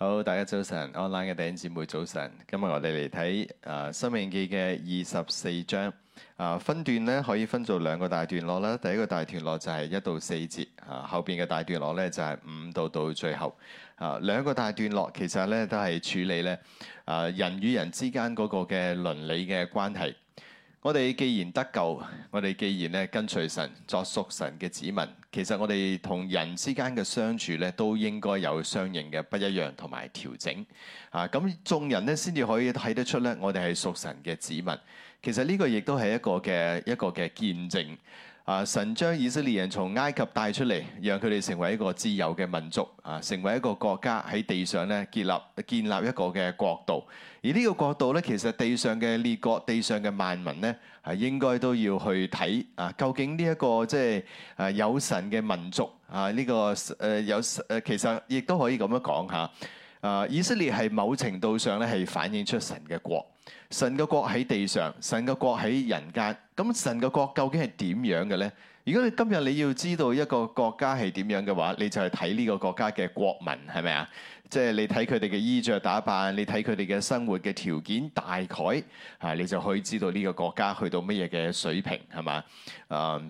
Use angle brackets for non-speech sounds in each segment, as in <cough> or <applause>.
好，大家早晨，online 嘅弟兄姊妹早晨。今日我哋嚟睇啊《申、呃、命記》嘅二十四章啊，分段咧可以分做兩個大段落啦。第一個大段落就係一到四節啊，後邊嘅大段落咧就係、是、五到到最後啊。兩個大段落其實咧都係處理咧啊、呃、人與人之間嗰個嘅倫理嘅關係。我哋既然得救，我哋既然咧跟隨神作屬神嘅子民，其實我哋同人之間嘅相處咧，都應該有相應嘅不一樣同埋調整。啊，咁眾人咧先至可以睇得出咧，我哋係屬神嘅子民。其實呢個亦都係一個嘅一個嘅見證。啊！神將以色列人從埃及帶出嚟，讓佢哋成為一個自由嘅民族，啊，成為一個國家喺地上咧，建立建立一個嘅國度。而呢個國度咧，其實地上嘅列國、地上嘅萬民咧，係應該都要去睇啊，究竟呢一個即係誒有神嘅民族啊，呢個誒有誒其實亦都可以咁樣講嚇。啊，以色列係某程度上咧係反映出神嘅國。神個國喺地上，神個國喺人間。咁神個國究竟係點樣嘅呢？如果你今日你要知道一個國家係點樣嘅話，你就係睇呢個國家嘅國民係咪啊？即係、就是，你睇佢哋嘅衣着打扮，你睇佢哋嘅生活嘅條件，大概啊，你就可以知道呢個國家去到乜嘢嘅水平係嘛？啊！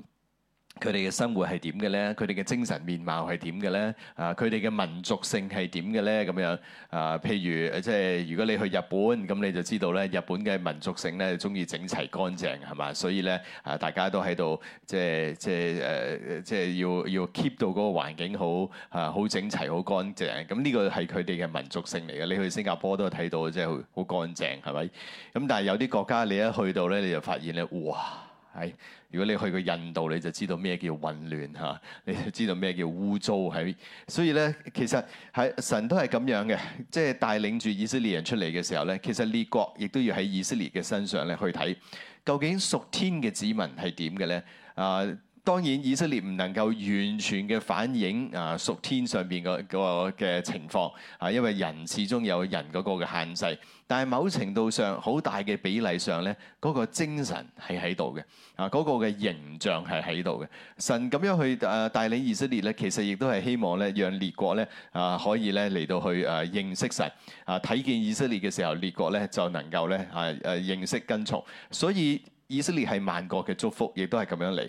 佢哋嘅生活係點嘅咧？佢哋嘅精神面貌係點嘅咧？啊，佢哋嘅民族性係點嘅咧？咁樣啊、呃，譬如即係如果你去日本，咁你就知道咧，日本嘅民族性咧，鍾意整齊乾淨係嘛？所以咧啊、呃，大家都喺度即係即係誒，即係、呃、要要 keep 到嗰個環境好啊，好、呃、整齊，好乾淨。咁呢個係佢哋嘅民族性嚟嘅。你去新加坡都有睇到，即係好乾淨係咪？咁但係有啲國家你一去到咧，你就發現咧，哇係！如果你去過印度，你就知道咩叫混亂嚇，你就知道咩叫污糟喺。所以咧，其實係神都係咁樣嘅，即係帶領住以色列人出嚟嘅時候咧，其實列國亦都要喺以色列嘅身上咧去睇，究竟屬天嘅子民係點嘅咧？啊！當然，以色列唔能夠完全嘅反映啊，屬天上邊個嘅情況啊，因為人始終有人嗰個嘅限制。但係某程度上，好大嘅比例上咧，嗰個精神係喺度嘅啊，嗰個嘅形象係喺度嘅。神咁樣去誒帶領以色列咧，其實亦都係希望咧，讓列國咧啊可以咧嚟到去誒認識神啊，睇見以色列嘅時候，列國咧就能夠咧啊誒認識跟從。所以以色列係萬國嘅祝福，亦都係咁樣嚟。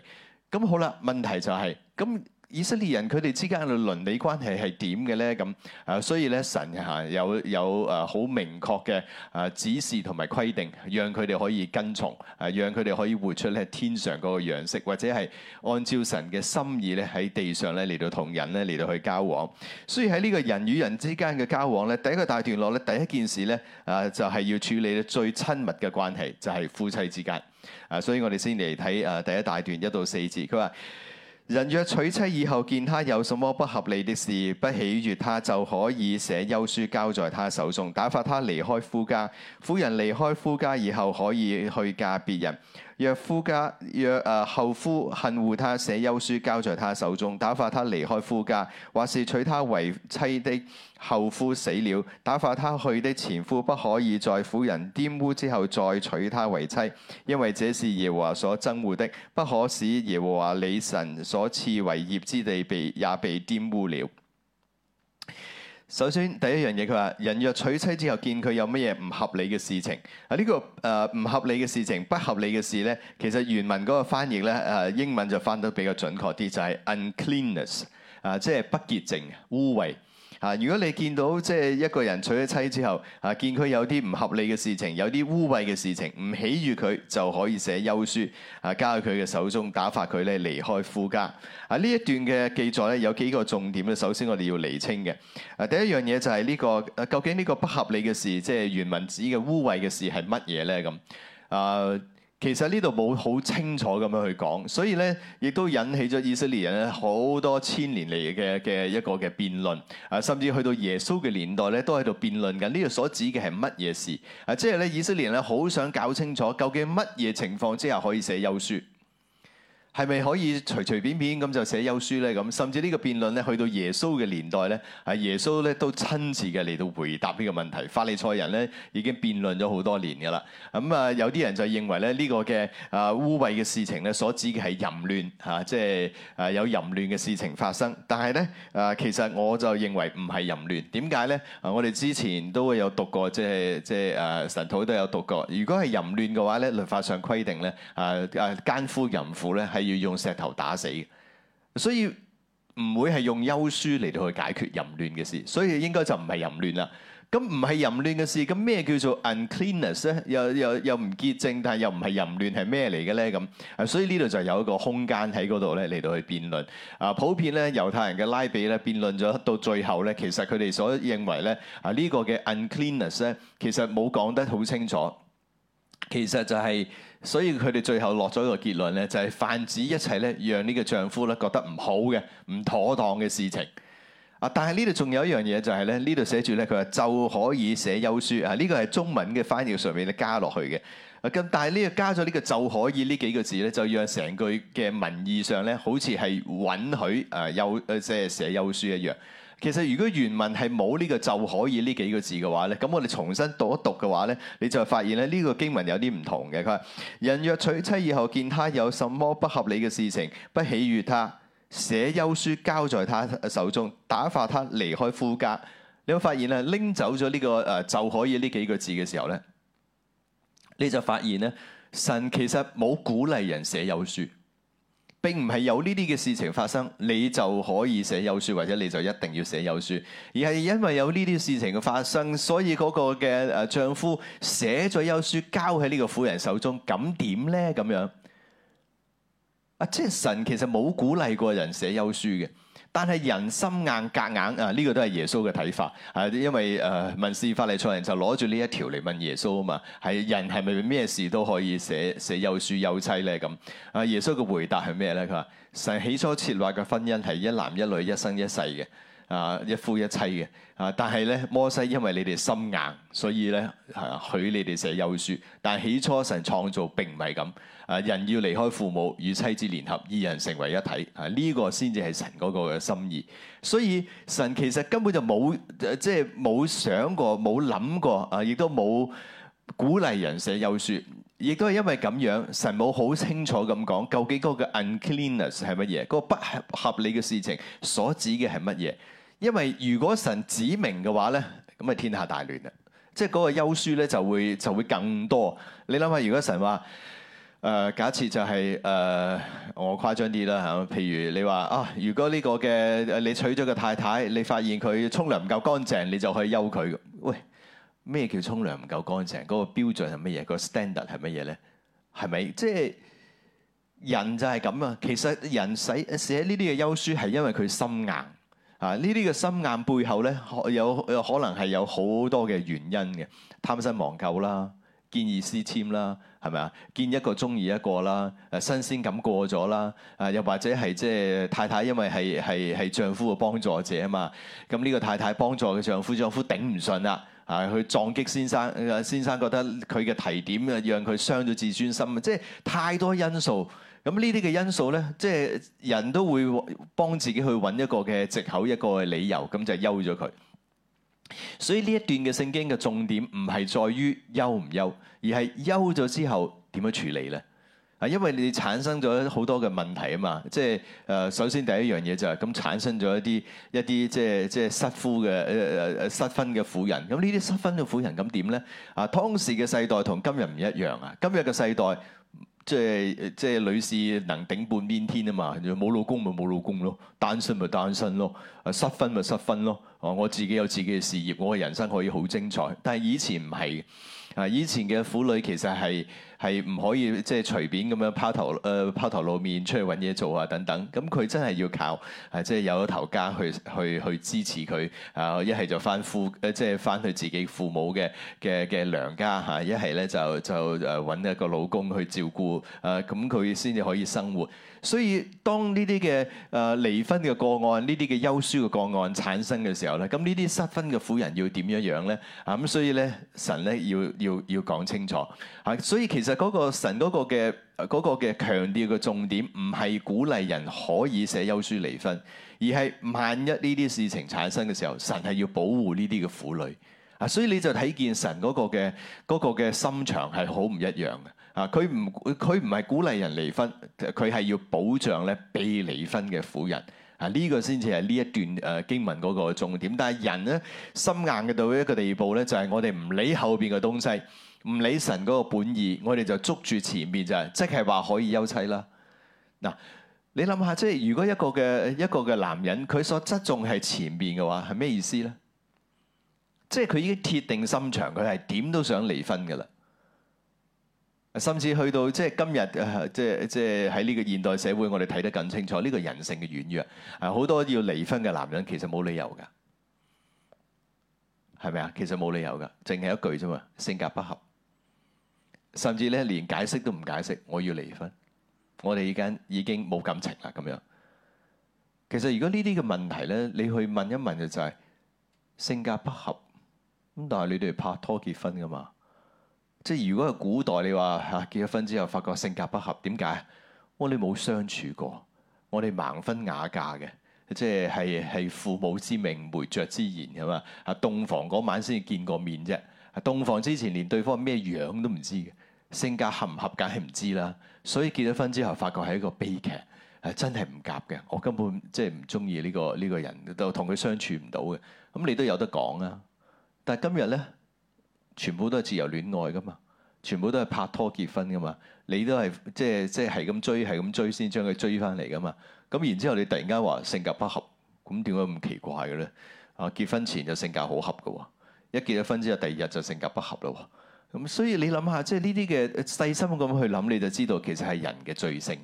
咁好啦，問題就係咁以色列人佢哋之間嘅倫理關係係點嘅咧？咁啊，所以咧神係有有誒好明確嘅啊指示同埋規定，讓佢哋可以跟從，啊讓佢哋可以活出咧天上嗰個樣式，或者係按照神嘅心意咧喺地上咧嚟到同人咧嚟到去交往。所以喺呢個人與人之間嘅交往咧，第一個大段落咧，第一件事咧啊就係要處理咧最親密嘅關係，就係夫妻之間。啊！所以我哋先嚟睇誒，第一大段一到四節，佢話，人若娶妻以後，見他有什麼不合理的事，不喜悅他，就可以寫休書交在他手中，打發他離開夫家。夫人離開夫家以後可以去嫁別人。若夫家若誒後夫恨惡他，寫休書交在他手中，打發他離開夫家，或是娶他為妻的後夫死了，打發他去的前夫不可以再婦人玷污之後再娶她為妻，因為這是耶和華所憎惡的，不可使耶和華理神所賜為業之地被也被玷污了。首先第一樣嘢，佢話人若娶妻之後見佢有乜嘢唔合理嘅事情，啊、這、呢個唔、呃、合理嘅事情、不合理嘅事呢，其實原文嗰個翻譯呢、呃，英文就翻得比較準確啲，就係、是、uncleanness 啊、呃，即係不潔淨、污穢。啊！如果你見到即係一個人娶咗妻之後，啊見佢有啲唔合理嘅事情，有啲污穢嘅事情，唔喜悅佢就可以寫休書，啊交喺佢嘅手中打發佢咧離開夫家。啊呢一段嘅記載咧有幾個重點咧，首先我哋要釐清嘅。啊第一樣嘢就係呢個，啊究竟呢個不合理嘅事，即係原文指嘅污穢嘅事係乜嘢咧？咁啊。其實呢度冇好清楚咁樣去講，所以咧亦都引起咗以色列人咧好多千年嚟嘅嘅一個嘅辯論，啊甚至去到耶穌嘅年代咧都喺度辯論緊呢度所指嘅係乜嘢事，啊即係咧以色列人咧好想搞清楚究竟乜嘢情況之下可以寫休書。係咪可以隨隨便便咁就寫休書咧？咁甚至呢個辯論咧，去到耶穌嘅年代咧，啊耶穌咧都親自嘅嚟到回答呢個問題。法利賽人咧已經辯論咗好多年㗎啦。咁啊有啲人就認為咧呢個嘅啊污穢嘅事情咧，所指嘅係淫亂嚇，即係啊有淫亂嘅事情發生。但係咧啊其實我就認為唔係淫亂。點解咧？啊我哋之前都會有讀過，即係即係啊神徒都有讀過。如果係淫亂嘅話咧，律法上規定咧啊啊奸夫淫婦咧係。要用石頭打死，所以唔會係用休書嚟到去解決淫亂嘅事，所以應該就唔係淫亂啦。咁唔係淫亂嘅事，咁咩叫做 uncleanness 咧？又又又唔潔淨，但係又唔係淫亂，係咩嚟嘅咧？咁，所以呢度就有一個空間喺嗰度咧，嚟到去辯論。啊，普遍咧猶太人嘅拉比咧辯論咗到最後咧，其實佢哋所認為咧啊呢個嘅 uncleanness 咧，其實冇講得好清楚，其實就係。所以佢哋最後落咗一個結論咧，就係泛指一切咧，讓呢個丈夫咧覺得唔好嘅、唔妥當嘅事情。啊！但係呢度仲有一樣嘢就係咧，呢度寫住咧，佢話就可以寫休書啊！呢個係中文嘅翻譯上面咧加落去嘅。咁但係呢個加咗呢個就可以呢幾個字咧，就讓成句嘅文義上咧，好似係允許啊休即係寫休書一樣。其實如果原文係冇呢個就可以呢幾個字嘅話咧，咁我哋重新讀一讀嘅話咧，你就會發現咧呢個經文有啲唔同嘅。佢話人若娶妻以後見他有什麼不合理嘅事情，不喜悅他，寫休書交在他手中，打發他離開夫家。你會發現啊，拎走咗呢，這個誒就可以呢幾個字嘅時候咧，你就發現咧神其實冇鼓勵人寫休書。並唔係有呢啲嘅事情發生，你就可以寫休書，或者你就一定要寫休書，而係因為有呢啲事情嘅發生，所以嗰個嘅誒丈夫寫咗休書交喺呢個婦人手中，咁點呢？咁樣，啊，即係神其實冇鼓勵過人寫休書嘅。但係人心硬隔硬，硬啊！呢、這個都係耶穌嘅睇法啊，因為誒文士法利賽人就攞住呢一條嚟問耶穌啊嘛，係、啊、人係咪咩事都可以寫寫休書休妻咧咁啊？耶穌嘅回答係咩咧？佢話神起初設立嘅婚姻係一男一女一生一世嘅啊，一夫一妻嘅啊，但係咧摩西因為你哋心硬，所以咧、啊、許你哋寫休書，但係起初神創造並唔係咁。啊！人要離開父母與妻子聯合，二人成為一體，啊，呢個先至係神嗰個嘅心意。所以神其實根本就冇，即係冇想過，冇諗過，啊，亦都冇鼓勵人寫休書。亦都係因為咁樣，神冇好清楚咁講，究竟嗰個 uncleanness 係乜嘢？嗰個不合理嘅事情所指嘅係乜嘢？因為如果神指明嘅話咧，咁啊天下大亂啦，即係嗰個休書咧就會就會更多。你諗下，如果神話。誒，假設就係、是、誒、呃，我誇張啲啦嚇。譬如你話啊，如果呢個嘅誒，你娶咗個太太，你發現佢沖涼唔夠乾淨，你就去休佢。喂，咩叫沖涼唔夠乾淨？嗰、那個標準係乜嘢？嗰個 standard 係乜嘢咧？係咪即係人就係咁啊？其實人寫寫呢啲嘅休書係因為佢心硬啊！呢啲嘅心硬背後咧，有有可能係有好多嘅原因嘅，貪新忘舊啦。見異思遷啦，係咪啊？見一個中意一個啦，誒新鮮感過咗啦，誒又或者係即係太太因為係係係丈夫嘅幫助者啊嘛，咁呢個太太幫助佢丈夫，丈夫頂唔順啦，啊去撞擊先生，先生覺得佢嘅提點啊，讓佢傷咗自尊心啊，即係太多因素，咁呢啲嘅因素咧，即係人都會幫自己去揾一個嘅藉口，一個嘅理由，咁就休咗佢。所以呢一段嘅聖經嘅重點唔係在於休唔休，而係休咗之後點樣處理咧？啊，因為你產生咗好多嘅問題啊嘛，即係誒、呃，首先第一樣嘢就係、是、咁、呃、產生咗一啲一啲即係即係失夫嘅誒誒誒失婚嘅婦人，咁呢啲失婚嘅婦人咁點咧？啊，當時嘅世代同今日唔一樣啊，今日嘅世代。即係即係，女士能頂半邊天啊嘛！冇老公咪冇老公咯，單身咪單身咯，失婚咪失婚咯。哦，我自己有自己嘅事業，我嘅人生可以好精彩。但係以前唔係。啊！以前嘅婦女其實係係唔可以即係隨便咁樣拋頭誒、呃、拋頭露面出去揾嘢做啊等等，咁佢真係要靠啊！即、就、係、是、有一頭家去去去支持佢啊！一係就翻父誒即係翻去自己父母嘅嘅嘅娘家嚇，一係咧就就誒揾一個老公去照顧誒，咁佢先至可以生活。所以當呢啲嘅誒離婚嘅個案，呢啲嘅休書嘅個案產生嘅時候咧，咁呢啲失婚嘅婦人要點樣樣咧？啊咁，所以咧神咧要要要講清楚啊！所以其實嗰個神嗰個嘅嗰、嗰個嘅強調嘅重點，唔係鼓勵人可以寫休書離婚，而係萬一呢啲事情產生嘅時候，神係要保護呢啲嘅婦女啊！所以你就睇見神嗰個嘅、嗰個嘅心腸係好唔一樣嘅。啊！佢唔佢唔係鼓勵人離婚，佢係要保障咧被離婚嘅婦人啊！呢個先至係呢一段誒經文嗰個重點。但係人咧心硬嘅到一個地步咧，就係我哋唔理後邊嘅東西，唔理神嗰個本意，我哋就捉住前面就係即係話可以休妻啦。嗱，你諗下，即係如果一個嘅一個嘅男人，佢所側重係前面嘅話，係咩意思咧？即係佢已經鐵定心腸，佢係點都想離婚噶啦。甚至去到即係今日，即係即係喺呢個現代社會，我哋睇得更清楚，呢個人性嘅軟弱，啊好多要離婚嘅男人其實冇理由噶，係咪啊？其實冇理由噶，淨係一句啫嘛，性格不合，甚至咧連解釋都唔解釋，我要離婚，我哋而家已經冇感情啦咁樣。其實如果呢啲嘅問題咧，你去問一問就就係性格不合，咁但係你哋係拍拖結婚噶嘛？即係如果係古代，你話吓結咗婚之後，發覺性格不合，點解？我哋冇相處過，我哋盲婚啞嫁嘅，即係係係父母之命媒妁之言，係嘛？啊洞房嗰晚先見過面啫，洞房之前連對方咩樣都唔知，性格合唔合梗係唔知啦。所以結咗婚之後，發覺係一個悲劇，係真係唔夾嘅。我根本即係唔中意呢個呢個人，都同佢相處唔到嘅。咁你都有得講啊？但係今日咧。全部都係自由戀愛噶嘛，全部都係拍拖結婚噶嘛，你都係即係即係咁追，係咁追先將佢追翻嚟噶嘛。咁然之後你突然間話性格不合，咁點解咁奇怪嘅咧？啊，結婚前就性格好合嘅喎，一結咗婚之後第二日就性格不合啦。咁、啊、所以你諗下，即係呢啲嘅細心咁去諗，你就知道其實係人嘅罪性，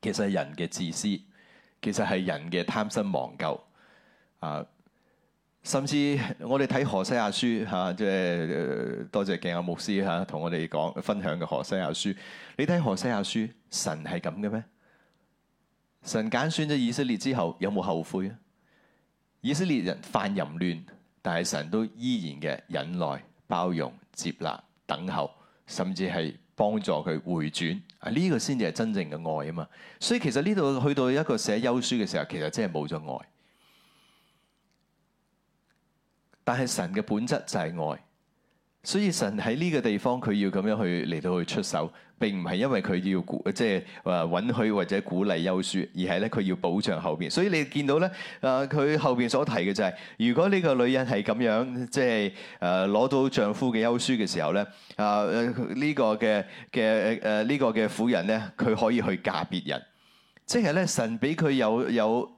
其實係人嘅自私，其實係人嘅貪新忘舊啊。甚至我哋睇何西阿書吓，即係多謝鏡亞牧師吓，同我哋講分享嘅何西阿書。你睇何西阿書，神係咁嘅咩？神揀選咗以色列之後，有冇後悔啊？以色列人犯淫亂，但係神都依然嘅忍耐、包容、接納、等候，甚至係幫助佢回轉。啊，呢個先至係真正嘅愛啊嘛！所以其實呢度去到一個寫休書嘅時候，其實真係冇咗愛。但係神嘅本質就係愛，所以神喺呢個地方佢要咁樣去嚟到去出手，並唔係因為佢要即係話允許或者鼓勵休書，而係咧佢要保障後邊。所以你見到咧，啊、呃、佢後邊所提嘅就係、是，如果呢個女人係咁樣，即係誒攞到丈夫嘅休書嘅時候咧，啊、呃這個呃這個、呢個嘅嘅誒呢個嘅婦人咧，佢可以去嫁別人，即係咧神俾佢有有。有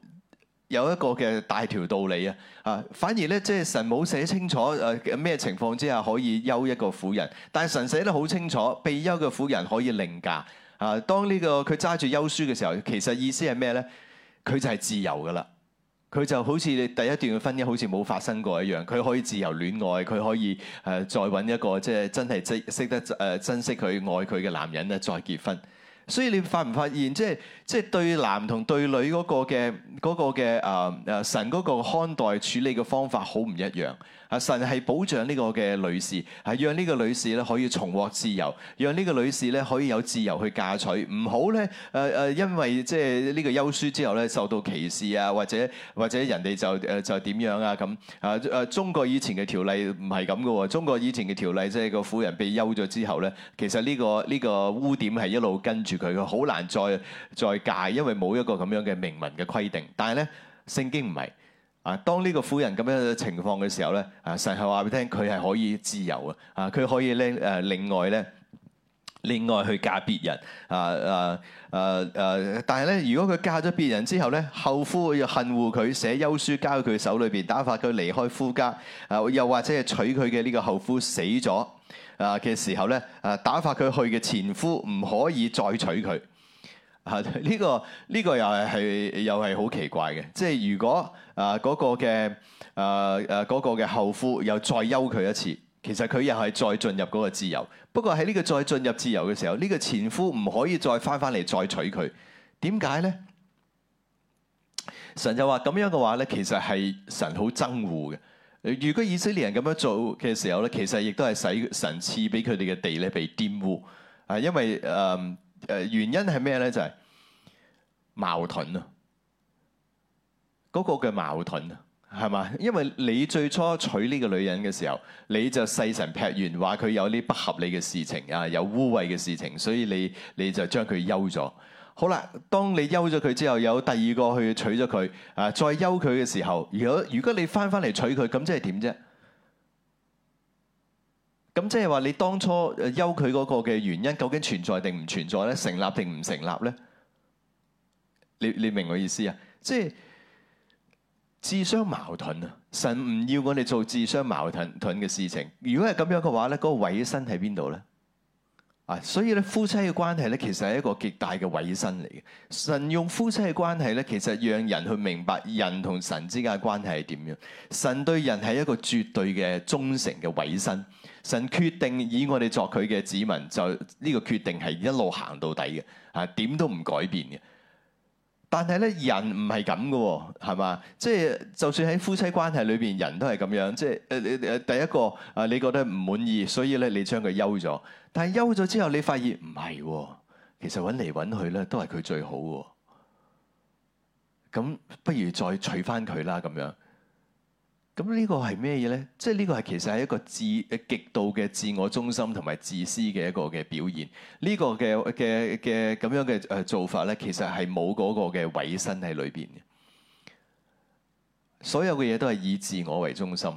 有一個嘅大條道理啊，嚇！反而咧，即係神冇寫清楚誒咩情況之下可以休一個婦人，但係神寫得好清楚，被休嘅婦人可以另嫁。嚇！當呢個佢揸住休書嘅時候，其實意思係咩咧？佢就係自由噶啦，佢就好似你第一段嘅婚姻好似冇發生過一樣，佢可以自由戀愛，佢可以誒再搵一個即係真係即識得誒珍惜佢愛佢嘅男人咧，再結婚。所以你發唔發現，即係即係對男同對女嗰個嘅嗰個嘅誒誒神嗰個看待處理嘅方法好唔一樣。啊！神係保障呢個嘅女士，係讓呢個女士咧可以重獲自由，讓呢個女士咧可以有自由去嫁娶，唔好咧誒誒，因為即係呢個休書之後咧受到歧視啊，或者或者人哋就誒就點樣啊咁啊誒，中國以前嘅條例唔係咁噶喎，中國以前嘅條例即係個婦人被休咗之後咧，其實呢個呢個污點係一路跟住佢，佢好難再再嫁，因為冇一個咁樣嘅明文嘅規定。但係咧，聖經唔係。啊，當呢個婦人咁樣嘅情況嘅時候咧，啊神係話俾聽，佢係可以自由嘅，啊佢可以咧誒另外咧，另外去嫁別人，啊啊啊啊！但係咧，如果佢嫁咗別人之後咧，後夫要恨惡佢，寫休書交佢手裏邊，打發佢離開夫家；啊又或者係娶佢嘅呢個後夫死咗，啊嘅時候咧，啊打發佢去嘅前夫唔可以再娶佢。呢個呢個又係係又係好奇怪嘅，即係如果啊嗰個嘅啊啊嗰個嘅後夫又再休佢一次，其實佢又係再進入嗰個自由。不過喺呢個再進入自由嘅時候，呢個前夫唔可以再翻返嚟再娶佢。點解咧？神就話咁樣嘅話咧，其實係神好憎惡嘅。如果以色列人咁樣做嘅時候咧，其實亦都係使神賜俾佢哋嘅地咧被被玷污啊，因為嗯。呃誒原因係咩咧？就係、是、矛盾啊！嗰、那個嘅矛盾啊，係嘛？因為你最初娶呢個女人嘅時候，你就細神劈完，話佢有啲不合理嘅事情啊，有污穢嘅事情，所以你你就將佢休咗。好啦，當你休咗佢之後，有第二個去娶咗佢啊，再休佢嘅時候，如果如果你翻翻嚟娶佢，咁即係點啫？咁即係話，你當初誒休佢嗰個嘅原因，究竟存在定唔存在咧？成立定唔成立咧？你你明我意思啊？即係自相矛盾啊！神唔要我哋做自相矛盾盾嘅事情。如果係咁樣嘅話咧，嗰、嗰個委身喺邊度咧？啊，所以咧，夫妻嘅關係咧，其實係一個極大嘅委身嚟嘅。神用夫妻嘅關係咧，其實讓人去明白人同神之間嘅關係係點樣。神對人係一個絕對嘅忠誠嘅委身。神決定以我哋作佢嘅子民，就呢個決定係一路行到底嘅，啊點都唔改變嘅。但係咧，人唔係咁嘅喎，係嘛？即係就算喺夫妻關係裏邊，人都係咁樣。即係誒誒，第一個啊，你覺得唔滿意，所以咧你將佢休咗。但係休咗之後，你發現唔係喎，其實揾嚟揾去咧都係佢最好喎。咁不如再娶翻佢啦，咁樣。.咁呢個係咩嘢呢？即係呢個係其實係一個自極度嘅自我中心同埋自私嘅一個嘅表現。呢、這個嘅嘅嘅咁樣嘅誒做法呢，其實係冇嗰個嘅委身喺裏邊嘅。所有嘅嘢都係以自我為中心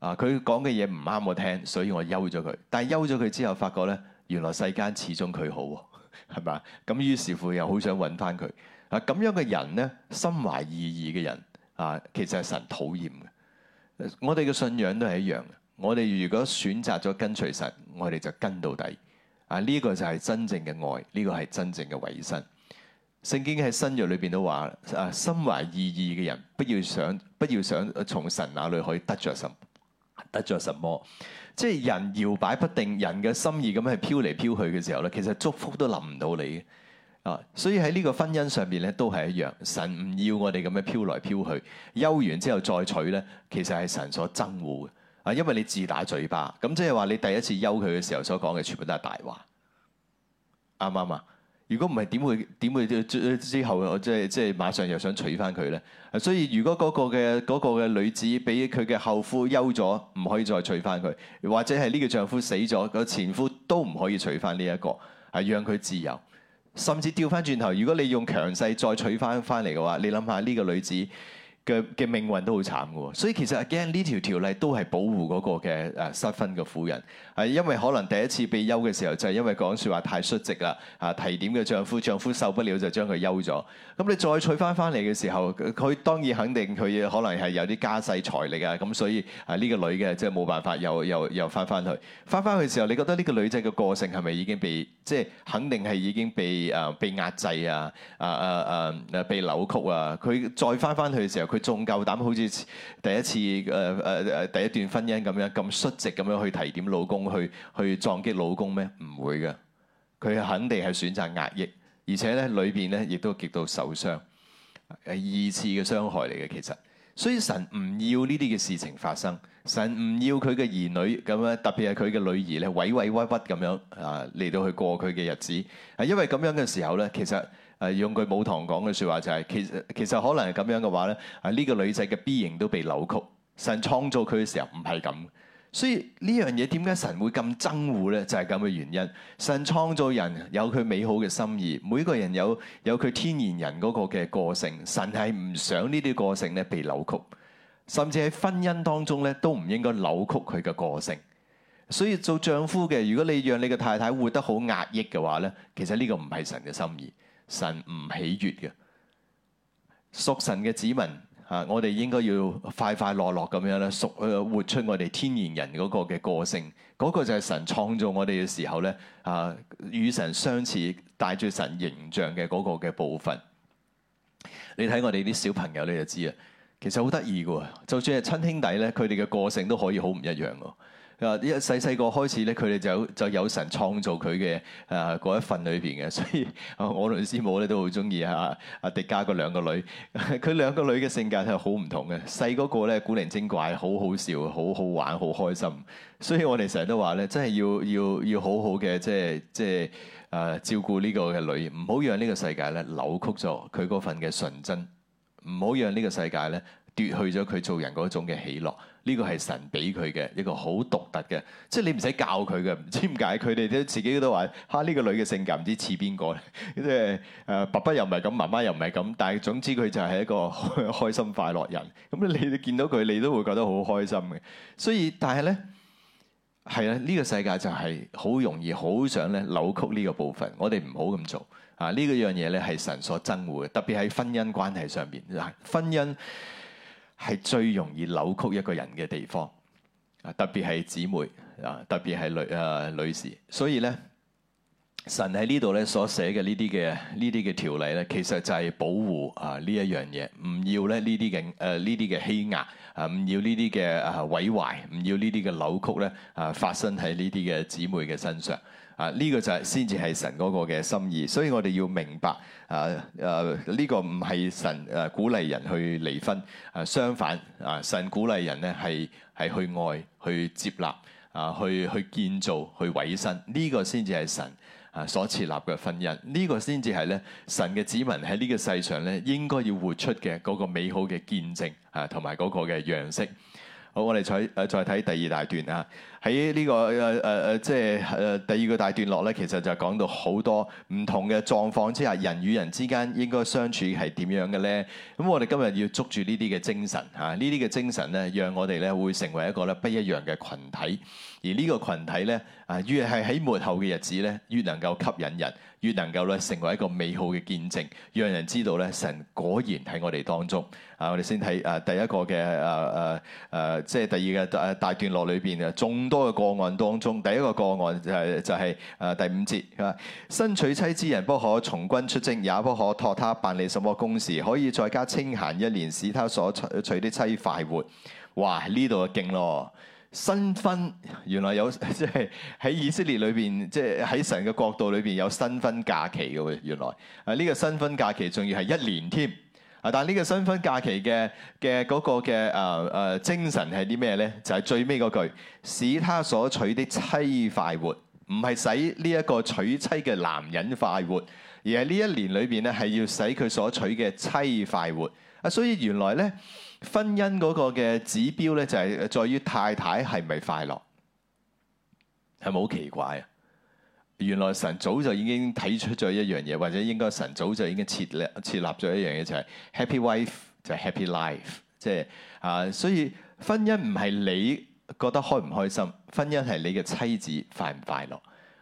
啊！佢講嘅嘢唔啱我聽，所以我休咗佢。但係休咗佢之後，發覺呢，原來世間始終佢好係咪？咁。於是乎又，又好想揾翻佢啊！咁樣嘅人呢，心懷二意嘅人啊，其實係神討厭。我哋嘅信仰都係一樣嘅。我哋如果選擇咗跟隨神，我哋就跟到底。啊，呢個就係真正嘅愛，呢、這個係真正嘅委身。聖經喺新約裏邊都話，啊，心懷二意嘅人，不要想，不要想從神那裏可以得着什，得着什麼？即係人搖擺不定，人嘅心意咁樣飄嚟飄去嘅時候咧，其實祝福都臨唔到你。啊，所以喺呢個婚姻上面咧，都係一樣。神唔要我哋咁樣飄來飄去，休完之後再娶咧，其實係神所憎惡嘅。啊，因為你自打嘴巴，咁即係話你第一次休佢嘅時候所講嘅，全部都係大話，啱唔啱啊？如果唔係，點會點會之後即係即係馬上又想娶翻佢咧？所以如果嗰個嘅、嗰個嘅女子俾佢嘅後夫休咗，唔可以再娶翻佢，或者係呢個丈夫死咗，個前夫都唔可以娶翻呢一個，係讓佢自由。甚至調翻轉頭，如果你用強勢再娶翻翻嚟嘅話，你諗下呢個女子。嘅嘅命運都好慘嘅，所以其實 again 呢條條例都係保護嗰個嘅誒失婚嘅婦人，係因為可能第一次被休嘅時候就係、是、因為講說話太率直啦，啊提點嘅丈夫丈夫受不了就將佢休咗。咁你再娶翻翻嚟嘅時候，佢當然肯定佢可能係有啲家世財力啊，咁所以啊呢個女嘅即係冇辦法又又又翻翻去，翻翻去嘅時候，你覺得呢個女仔嘅個性係咪已經被即係、就是、肯定係已經被誒、呃、被壓制啊啊誒誒被扭曲啊？佢再翻翻去嘅時候仲夠膽好似第一次誒誒誒第一段婚姻咁樣咁率直咁樣去提點老公去去撞擊老公咩？唔會嘅，佢肯定係選擇壓抑，而且咧裏邊咧亦都極度受傷，係二次嘅傷害嚟嘅。其實，所以神唔要呢啲嘅事情發生，神唔要佢嘅兒女咁樣，特別係佢嘅女兒咧，委委屈屈咁樣啊嚟到去過佢嘅日子。啊，因為咁樣嘅時候咧，其實。誒用句冇堂講嘅説話就係、是、其實其實，可能係咁樣嘅話咧，啊、這、呢個女仔嘅 B 型都被扭曲。神創造佢嘅時候唔係咁，所以呢樣嘢點解神會咁憎惡咧？就係咁嘅原因。神創造人有佢美好嘅心意，每個人有有佢天然人嗰個嘅個性。神係唔想呢啲個性咧被扭曲，甚至喺婚姻當中咧都唔應該扭曲佢嘅個性。所以做丈夫嘅，如果你讓你嘅太太活得好壓抑嘅話咧，其實呢個唔係神嘅心意。神唔喜悅嘅。屬神嘅子民啊，我哋應該要快快樂樂咁樣咧，屬去活出我哋天然人嗰個嘅個性，嗰個就係神創造我哋嘅時候咧啊，與神相似，帶住神形象嘅嗰個嘅部分。你睇我哋啲小朋友，你就知啊，其實好得意噶。就算係親兄弟咧，佢哋嘅個性都可以好唔一樣噶。佢一細細個開始咧，佢哋就就有神創造佢嘅誒嗰一份裏邊嘅，所以我同師母咧都好中意嚇阿迪迦個兩個女。佢兩個女嘅性格係好唔同嘅。細嗰個咧古靈精怪，好好笑，好好玩，好開心。所以我哋成日都話咧，真係要要要好好嘅，即係即係誒、啊、照顧呢個嘅女，唔好讓呢個世界咧扭曲咗佢嗰份嘅純真，唔好讓呢個世界咧奪去咗佢做人嗰種嘅喜樂。呢個係神俾佢嘅一個好獨特嘅，即係你唔使教佢嘅，唔知點解佢哋都自己都話，吓、啊、呢、這個女嘅性格唔知似邊個咧，即係誒爸爸又唔係咁，媽媽又唔係咁，但係總之佢就係一個 <laughs> 開心快樂人，咁你見到佢你都會覺得好開心嘅。所以但係呢，係啊，呢、這個世界就係好容易好想咧扭曲呢個部分，我哋唔好咁做啊！呢、這個樣嘢咧係神所憎惡嘅，特別喺婚姻關係上面，婚姻。係最容易扭曲一個人嘅地方，特別係姊妹，啊，特別係女啊、呃、女士，所以咧，神喺呢度咧所寫嘅呢啲嘅呢啲嘅條例咧，其實就係保護啊呢一樣嘢，唔要咧呢啲嘅誒呢啲嘅欺壓啊，唔要呢啲嘅啊毀壞，唔要呢啲嘅扭曲咧啊發生喺呢啲嘅姊妹嘅身上。啊！呢個就係先至係神嗰個嘅心意，所以我哋要明白啊，誒、這、呢個唔係神誒鼓勵人去離婚，誒、啊、相反啊，神鼓勵人咧係係去愛、去接納、啊去去建造、去委身，呢、這個先至係神啊所設立嘅婚姻，呢、這個先至係咧神嘅子民喺呢個世上咧應該要活出嘅嗰個美好嘅見證啊，同埋嗰個嘅樣式。好，我哋再誒再睇第二大段啊！喺呢個誒誒誒，即係誒第二個大段落咧，其實就講到好多唔同嘅狀況之下，人與人之間應該相處係點樣嘅咧？咁我哋今日要捉住呢啲嘅精神啊！呢啲嘅精神咧，讓我哋咧會成為一個咧不一樣嘅群體。而呢個群體咧，啊，越係喺末後嘅日子咧，越能夠吸引人，越能夠咧成為一個美好嘅見證，讓人知道咧神果然喺我哋當中。啊，我哋先睇誒第一個嘅誒誒誒，即、啊、係、啊就是、第二嘅大段落裏邊嘅眾多嘅個案當中，第一個個案就係、是、就係、是、誒第五節，新娶妻之人不可從軍出征，也不可託他辦理什麼公事，可以在家清閒一年，使他所娶娶的妻快活。哇！呢度勁咯～新婚原來有即係喺以色列裏邊，即係喺成個國度裏邊有新婚假期嘅喎。原來啊，呢、這個新婚假期仲要係一年添啊！但係呢個新婚假期嘅嘅嗰個嘅誒誒精神係啲咩呢？就係、是、最尾嗰句：使他所娶的妻快活，唔係使呢一個娶妻嘅男人快活，而係呢一年裏邊咧係要使佢所娶嘅妻快活啊！所以原來呢。婚姻個嘅指標咧，就係在於太太係咪快樂，係咪好奇怪啊？原來神早就已經睇出咗一樣嘢，或者應該神早就已經設立設立咗一樣嘢，就係、是、Happy Wife 就係 Happy Life，即係啊，所以婚姻唔係你覺得開唔開心，婚姻係你嘅妻子快唔快樂。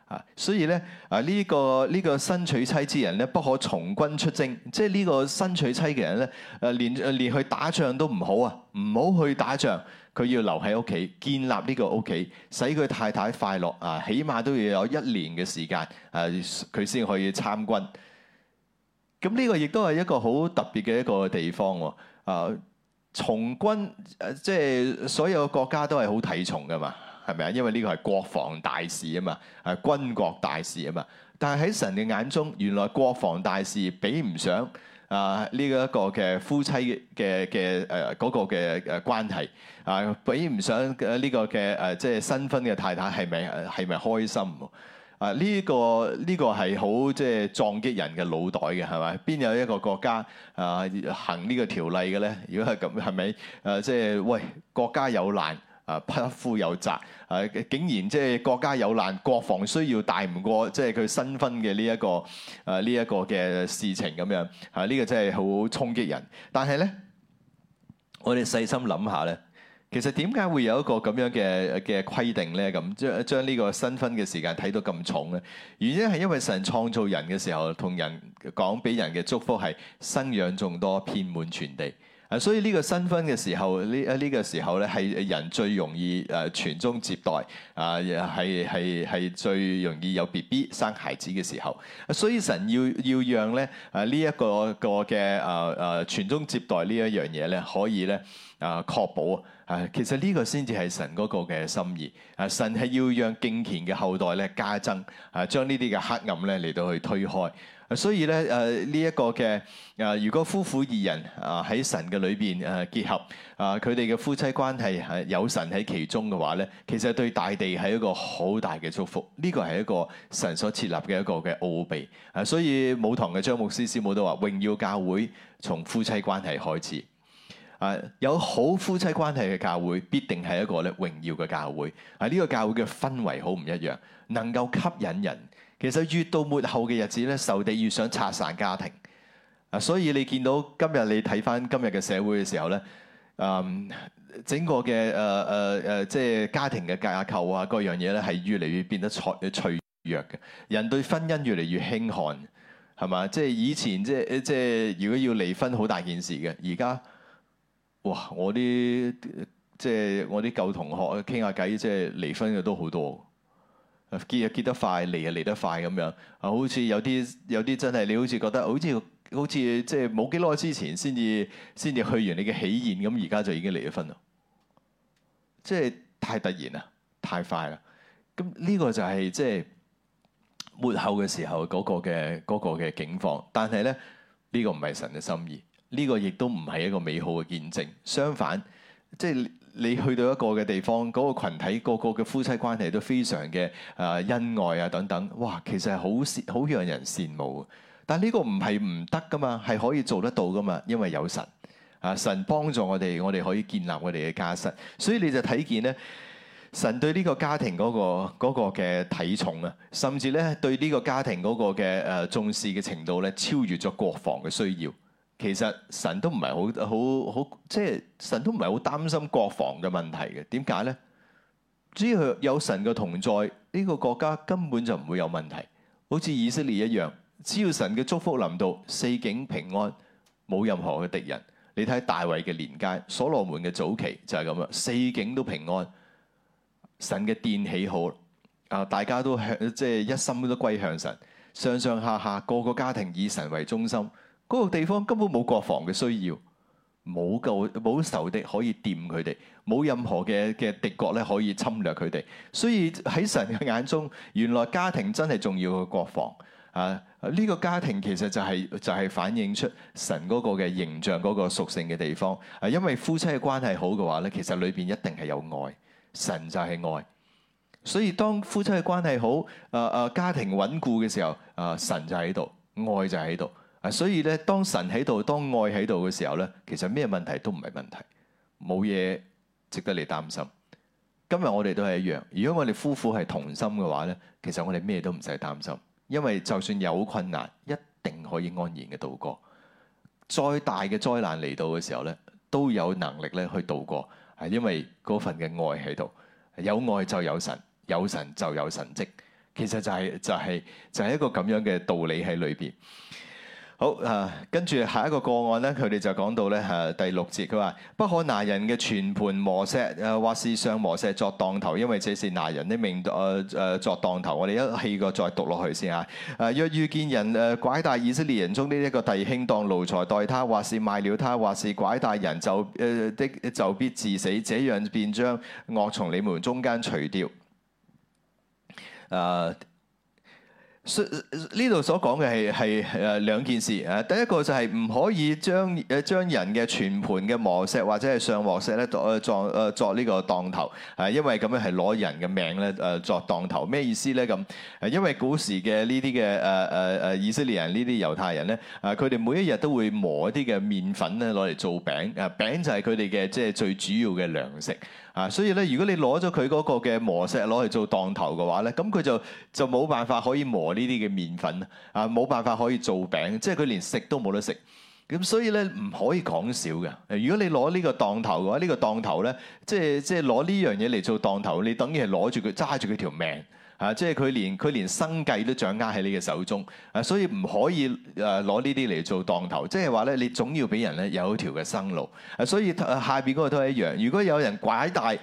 啊，所以咧，啊、呢、呢個呢、呢個新娶妻之人咧，不可從軍出征，即係呢個新娶妻嘅人咧，誒連連去打仗都唔好啊，唔好去打仗，佢要留喺屋企建立呢個屋企，使佢太太快樂啊，起碼都要有一年嘅時間，誒佢先可以參軍。咁、啊、呢、呢個亦都係一個好特別嘅一個地方喎。啊，從軍誒，即、啊、係、即係、所有國家都係好睇重噶嘛。係咪啊？因為呢個係國防大事啊嘛，係軍國大事啊嘛。但係喺神嘅眼中，原來國防大事比唔上啊呢個一個嘅夫妻嘅嘅誒嗰個嘅誒關係啊，比唔上呢個嘅誒即係新婚嘅太太係咪係咪開心啊？呢個呢個係好即係撞擊人嘅腦袋嘅係咪？邊有一個國家啊行呢個條例嘅咧？如果係咁，係咪誒即係喂國家有難？啊，匹夫有責！啊，竟然即係國家有難，國防需要大唔過即係佢新婚嘅呢一個啊呢一個嘅事情咁樣嚇，呢、啊這個真係好衝擊人。但係呢，我哋細心諗下呢，其實點解會有一個咁樣嘅嘅規定呢？咁將將呢個新婚嘅時間睇到咁重呢？原因係因為神創造人嘅時候，同人講俾人嘅祝福係生養眾多，遍滿全地。啊，所以呢個新婚嘅時候，呢、這、呢個時候咧，係人最容易誒傳宗接代，啊，係係係最容易有 B B 生孩子嘅時候。所以神要要讓咧、這個，啊呢一個個嘅啊啊傳宗接代呢一樣嘢咧，可以咧啊確保啊。其實呢個先至係神嗰個嘅心意。啊，神係要讓敬虔嘅後代咧加增，啊將呢啲嘅黑暗咧嚟到去推開。所以咧，誒呢一個嘅誒，如果夫婦二人啊喺神嘅裏邊誒結合啊，佢哋嘅夫妻關係係有神喺其中嘅話咧，其實對大地係一個好大嘅祝福。呢個係一個神所設立嘅一個嘅奧秘。啊，所以舞堂嘅張牧師師母都話，榮耀教會從夫妻關係開始。啊，有好夫妻關係嘅教、教會，必定係一個咧榮耀嘅教會。喺呢個教會嘅氛圍好唔一樣，能夠吸引人。其實越到末後嘅日子咧，受地越想拆散家庭。啊，所以你見到今日你睇返今日嘅社會嘅時候咧，嗯，整個嘅誒誒誒，即係家庭嘅架構啊，各樣嘢咧係越嚟越變得脆脆弱嘅。人對婚姻越嚟越輕看，係嘛？即係以前即即如果要離婚好大件事嘅，而家哇，我啲即係我啲舊同學傾下偈，即係離婚嘅都好多。結又結得快，離又離得快咁樣，啊，好似有啲有啲真係，你好似覺得好似好似即係冇幾耐之前先至先至去完你嘅喜宴。咁而家就已經離咗婚啦，即係太突然啦，太快啦，咁、這、呢個就係、是、即係末後嘅時候嗰個嘅嗰、那個嘅境況，但係咧呢、這個唔係神嘅心意，呢、這個亦都唔係一個美好嘅見證，相反即係。你去到一個嘅地方，嗰個群體個個嘅夫妻關係都非常嘅啊恩愛啊等等，哇！其實係好羨好讓人羨慕，但呢個唔係唔得噶嘛，係可以做得到噶嘛，因為有神啊！神幫助我哋，我哋可以建立我哋嘅家室，所以你就睇見咧，神對呢個家庭嗰個嗰個嘅體重啊，甚至咧對呢個家庭嗰個嘅誒重視嘅程度咧，超越咗國防嘅需要。其實神都唔係好好好，即係神都唔係好擔心國防嘅問題嘅。點解呢？只要有神嘅同在，呢個國家根本就唔會有問題。好似以色列一樣，只要神嘅祝福臨到，四境平安，冇任何嘅敵人。你睇大衛嘅年間，所羅門嘅早期就係咁樣，四境都平安，神嘅殿起好，啊，大家都向即係一心都歸向神，上上下下個個家庭以神為中心。嗰個地方根本冇國防嘅需要，冇夠冇仇敵可以掂佢哋，冇任何嘅嘅敵國咧可以侵略佢哋。所以喺神嘅眼中，原來家庭真係重要嘅國防啊！呢、這個家庭其實就係、是、就係、是、反映出神嗰個嘅形象嗰、那個屬性嘅地方啊。因為夫妻嘅關係好嘅話咧，其實裏邊一定係有愛，神就係愛。所以當夫妻嘅關係好，誒、啊、誒家庭穩固嘅時候，誒、啊、神就喺度，愛就喺度。所以咧，當神喺度，當愛喺度嘅時候咧，其實咩問題都唔係問題，冇嘢值得你擔心。今日我哋都係一樣，如果我哋夫婦係同心嘅話咧，其實我哋咩都唔使擔心，因為就算有困難，一定可以安然嘅度過。再大嘅災難嚟到嘅時候咧，都有能力咧去度過，係因為嗰份嘅愛喺度，有愛就有神，有神就有神跡。其實就係就係就係一個咁樣嘅道理喺裏邊。好啊，跟住下一個個案呢，佢哋就講到呢。誒第六節佢話不可拿人嘅全盤磨石，誒或是上磨石作當頭，因為這是拿人啲命，誒、呃、誒作當頭。我哋一氣過再讀落去先吓，誒若遇見人誒拐帶以色列人中呢一個弟兄當奴才待他，或是賣了他，或是拐帶人就誒的、呃、就必致死，這樣便將惡從你們中間除掉。啊、呃！呢度所講嘅係係誒兩件事啊，第一個就係唔可以將誒將人嘅全盤嘅磨石或者係上磨石咧作作誒作呢個當頭啊，因為咁樣係攞人嘅命咧誒作當頭，咩意思咧咁？因為古時嘅呢啲嘅誒誒誒以色列人呢啲猶太人咧啊，佢哋每一日都會磨一啲嘅麵粉咧攞嚟做餅啊，餅就係佢哋嘅即係最主要嘅糧食。啊，所以咧，如果你攞咗佢嗰個嘅磨石攞去做當頭嘅話咧，咁佢就就冇辦法可以磨呢啲嘅麵粉啊，冇辦法可以做餅，即係佢連食都冇得食。咁所以咧，唔可以講少嘅。如果你攞呢個當頭嘅話，呢個當頭咧，即係即係攞呢樣嘢嚟做當頭，你等於係攞住佢揸住佢條命。啊！即係佢連佢連生計都掌握喺你嘅手中啊，所以唔可以誒攞呢啲嚟做當頭。即係話咧，你總要俾人咧有一條嘅生路啊。所以、啊、下邊嗰個都係一樣。如果有人拐帶誒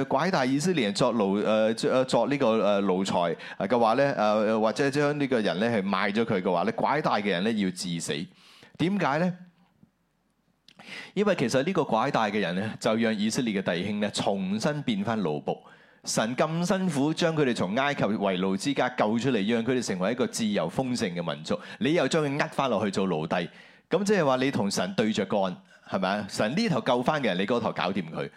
誒拐帶以色列人作奴誒、啊、作作呢個誒奴才嘅話咧誒、啊，或者將呢個人咧係賣咗佢嘅話咧，拐帶嘅人咧要致死。點解咧？因為其實呢個拐帶嘅人咧，就讓以色列嘅弟兄咧重新變翻奴僕。神咁辛苦將佢哋從埃及為奴之家救出嚟，讓佢哋成為一個自由豐盛嘅民族。你又將佢呃翻落去做奴隸，咁即係話你同神對着幹，係咪啊？神呢頭救翻嘅人，你嗰頭搞掂佢，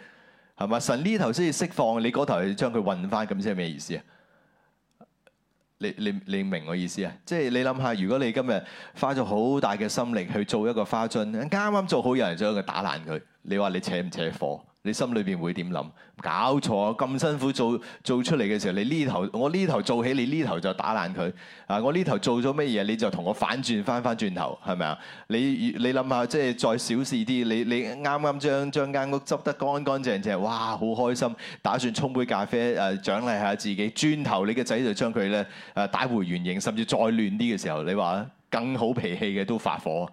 係嘛？神呢頭先至釋放，你嗰頭去將佢運翻，咁即係咩意思啊？你你你明我意思啊？即係你諗下，如果你今日花咗好大嘅心力去做一個花樽，啱啱做好，有人將佢打爛佢。你話你扯唔扯火？你心裏邊會點諗？搞錯啊！咁辛苦做做出嚟嘅時候，你呢頭我呢頭做起，你呢頭就打爛佢啊！我呢頭做咗乜嘢，你就同我反轉翻翻轉頭，係咪啊？你你諗下，即係再小事啲，你你啱啱將將間屋執得乾乾淨淨，哇，好開心，打算沖杯咖啡誒獎勵下自己。轉頭你個仔就將佢咧誒打回原形，甚至再亂啲嘅時候，你話更好脾氣嘅都發火。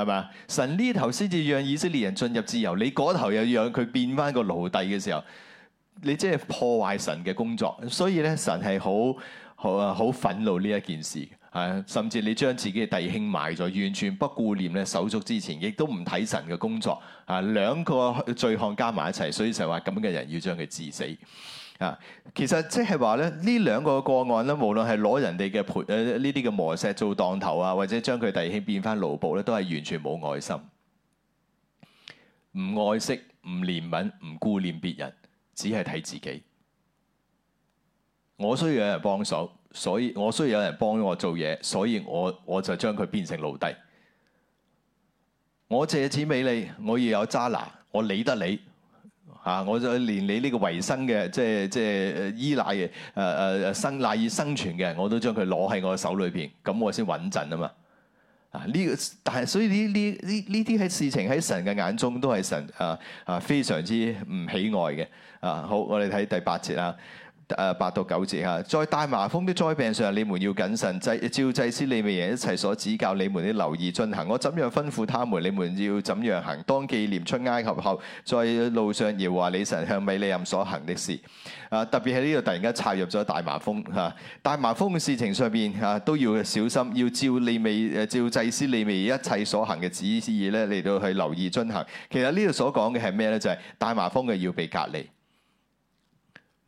係嘛？神呢頭先至讓以色列人進入自由，你嗰頭又讓佢變翻個奴隸嘅時候，你即係破壞神嘅工作。所以咧，神係好啊好憤怒呢一件事。啊，甚至你將自己嘅弟兄賣咗，完全不顧念咧手足之前，亦都唔睇神嘅工作。啊，兩個罪行加埋一齊，所以就話咁嘅人要將佢治死。啊，其實即係話咧，呢兩個個案咧，無論係攞人哋嘅盤，誒呢啲嘅磨石做當頭啊，或者將佢弟兄次變翻奴僕咧，都係完全冇愛心，唔愛惜，唔憐憫，唔顧念別人，只係睇自己。我需要有人幫手，所以我需要有人幫我做嘢，所以我我就將佢變成奴隸。我借錢俾你，我要有揸拿，我理得你。啊！我就連你呢個維生嘅，即係即係依賴嘅，誒、呃、誒生賴以生存嘅，我都將佢攞喺我嘅手裏邊，咁我先穩陣啊嘛！啊呢、這個，但係所以呢呢呢呢啲喺事情喺神嘅眼中都係神啊啊非常之唔喜愛嘅啊！好，我哋睇第八節啦。誒八到九節哈，在大麻風的災病上，你們要謹慎，祭照祭司利未人一切所指教你們的留意遵行。我怎樣吩咐他們，你們要怎樣行。當記念出埃及後，在路上搖，耶和華你神向米利暗所行的事。啊，特別喺呢度突然間插入咗大麻風哈，大麻風嘅事情上邊嚇都要小心，要照利未誒照祭司利未一切所行嘅指示咧嚟到去留意遵行。其實呢度所講嘅係咩呢？就係、是、大麻風嘅要被隔離。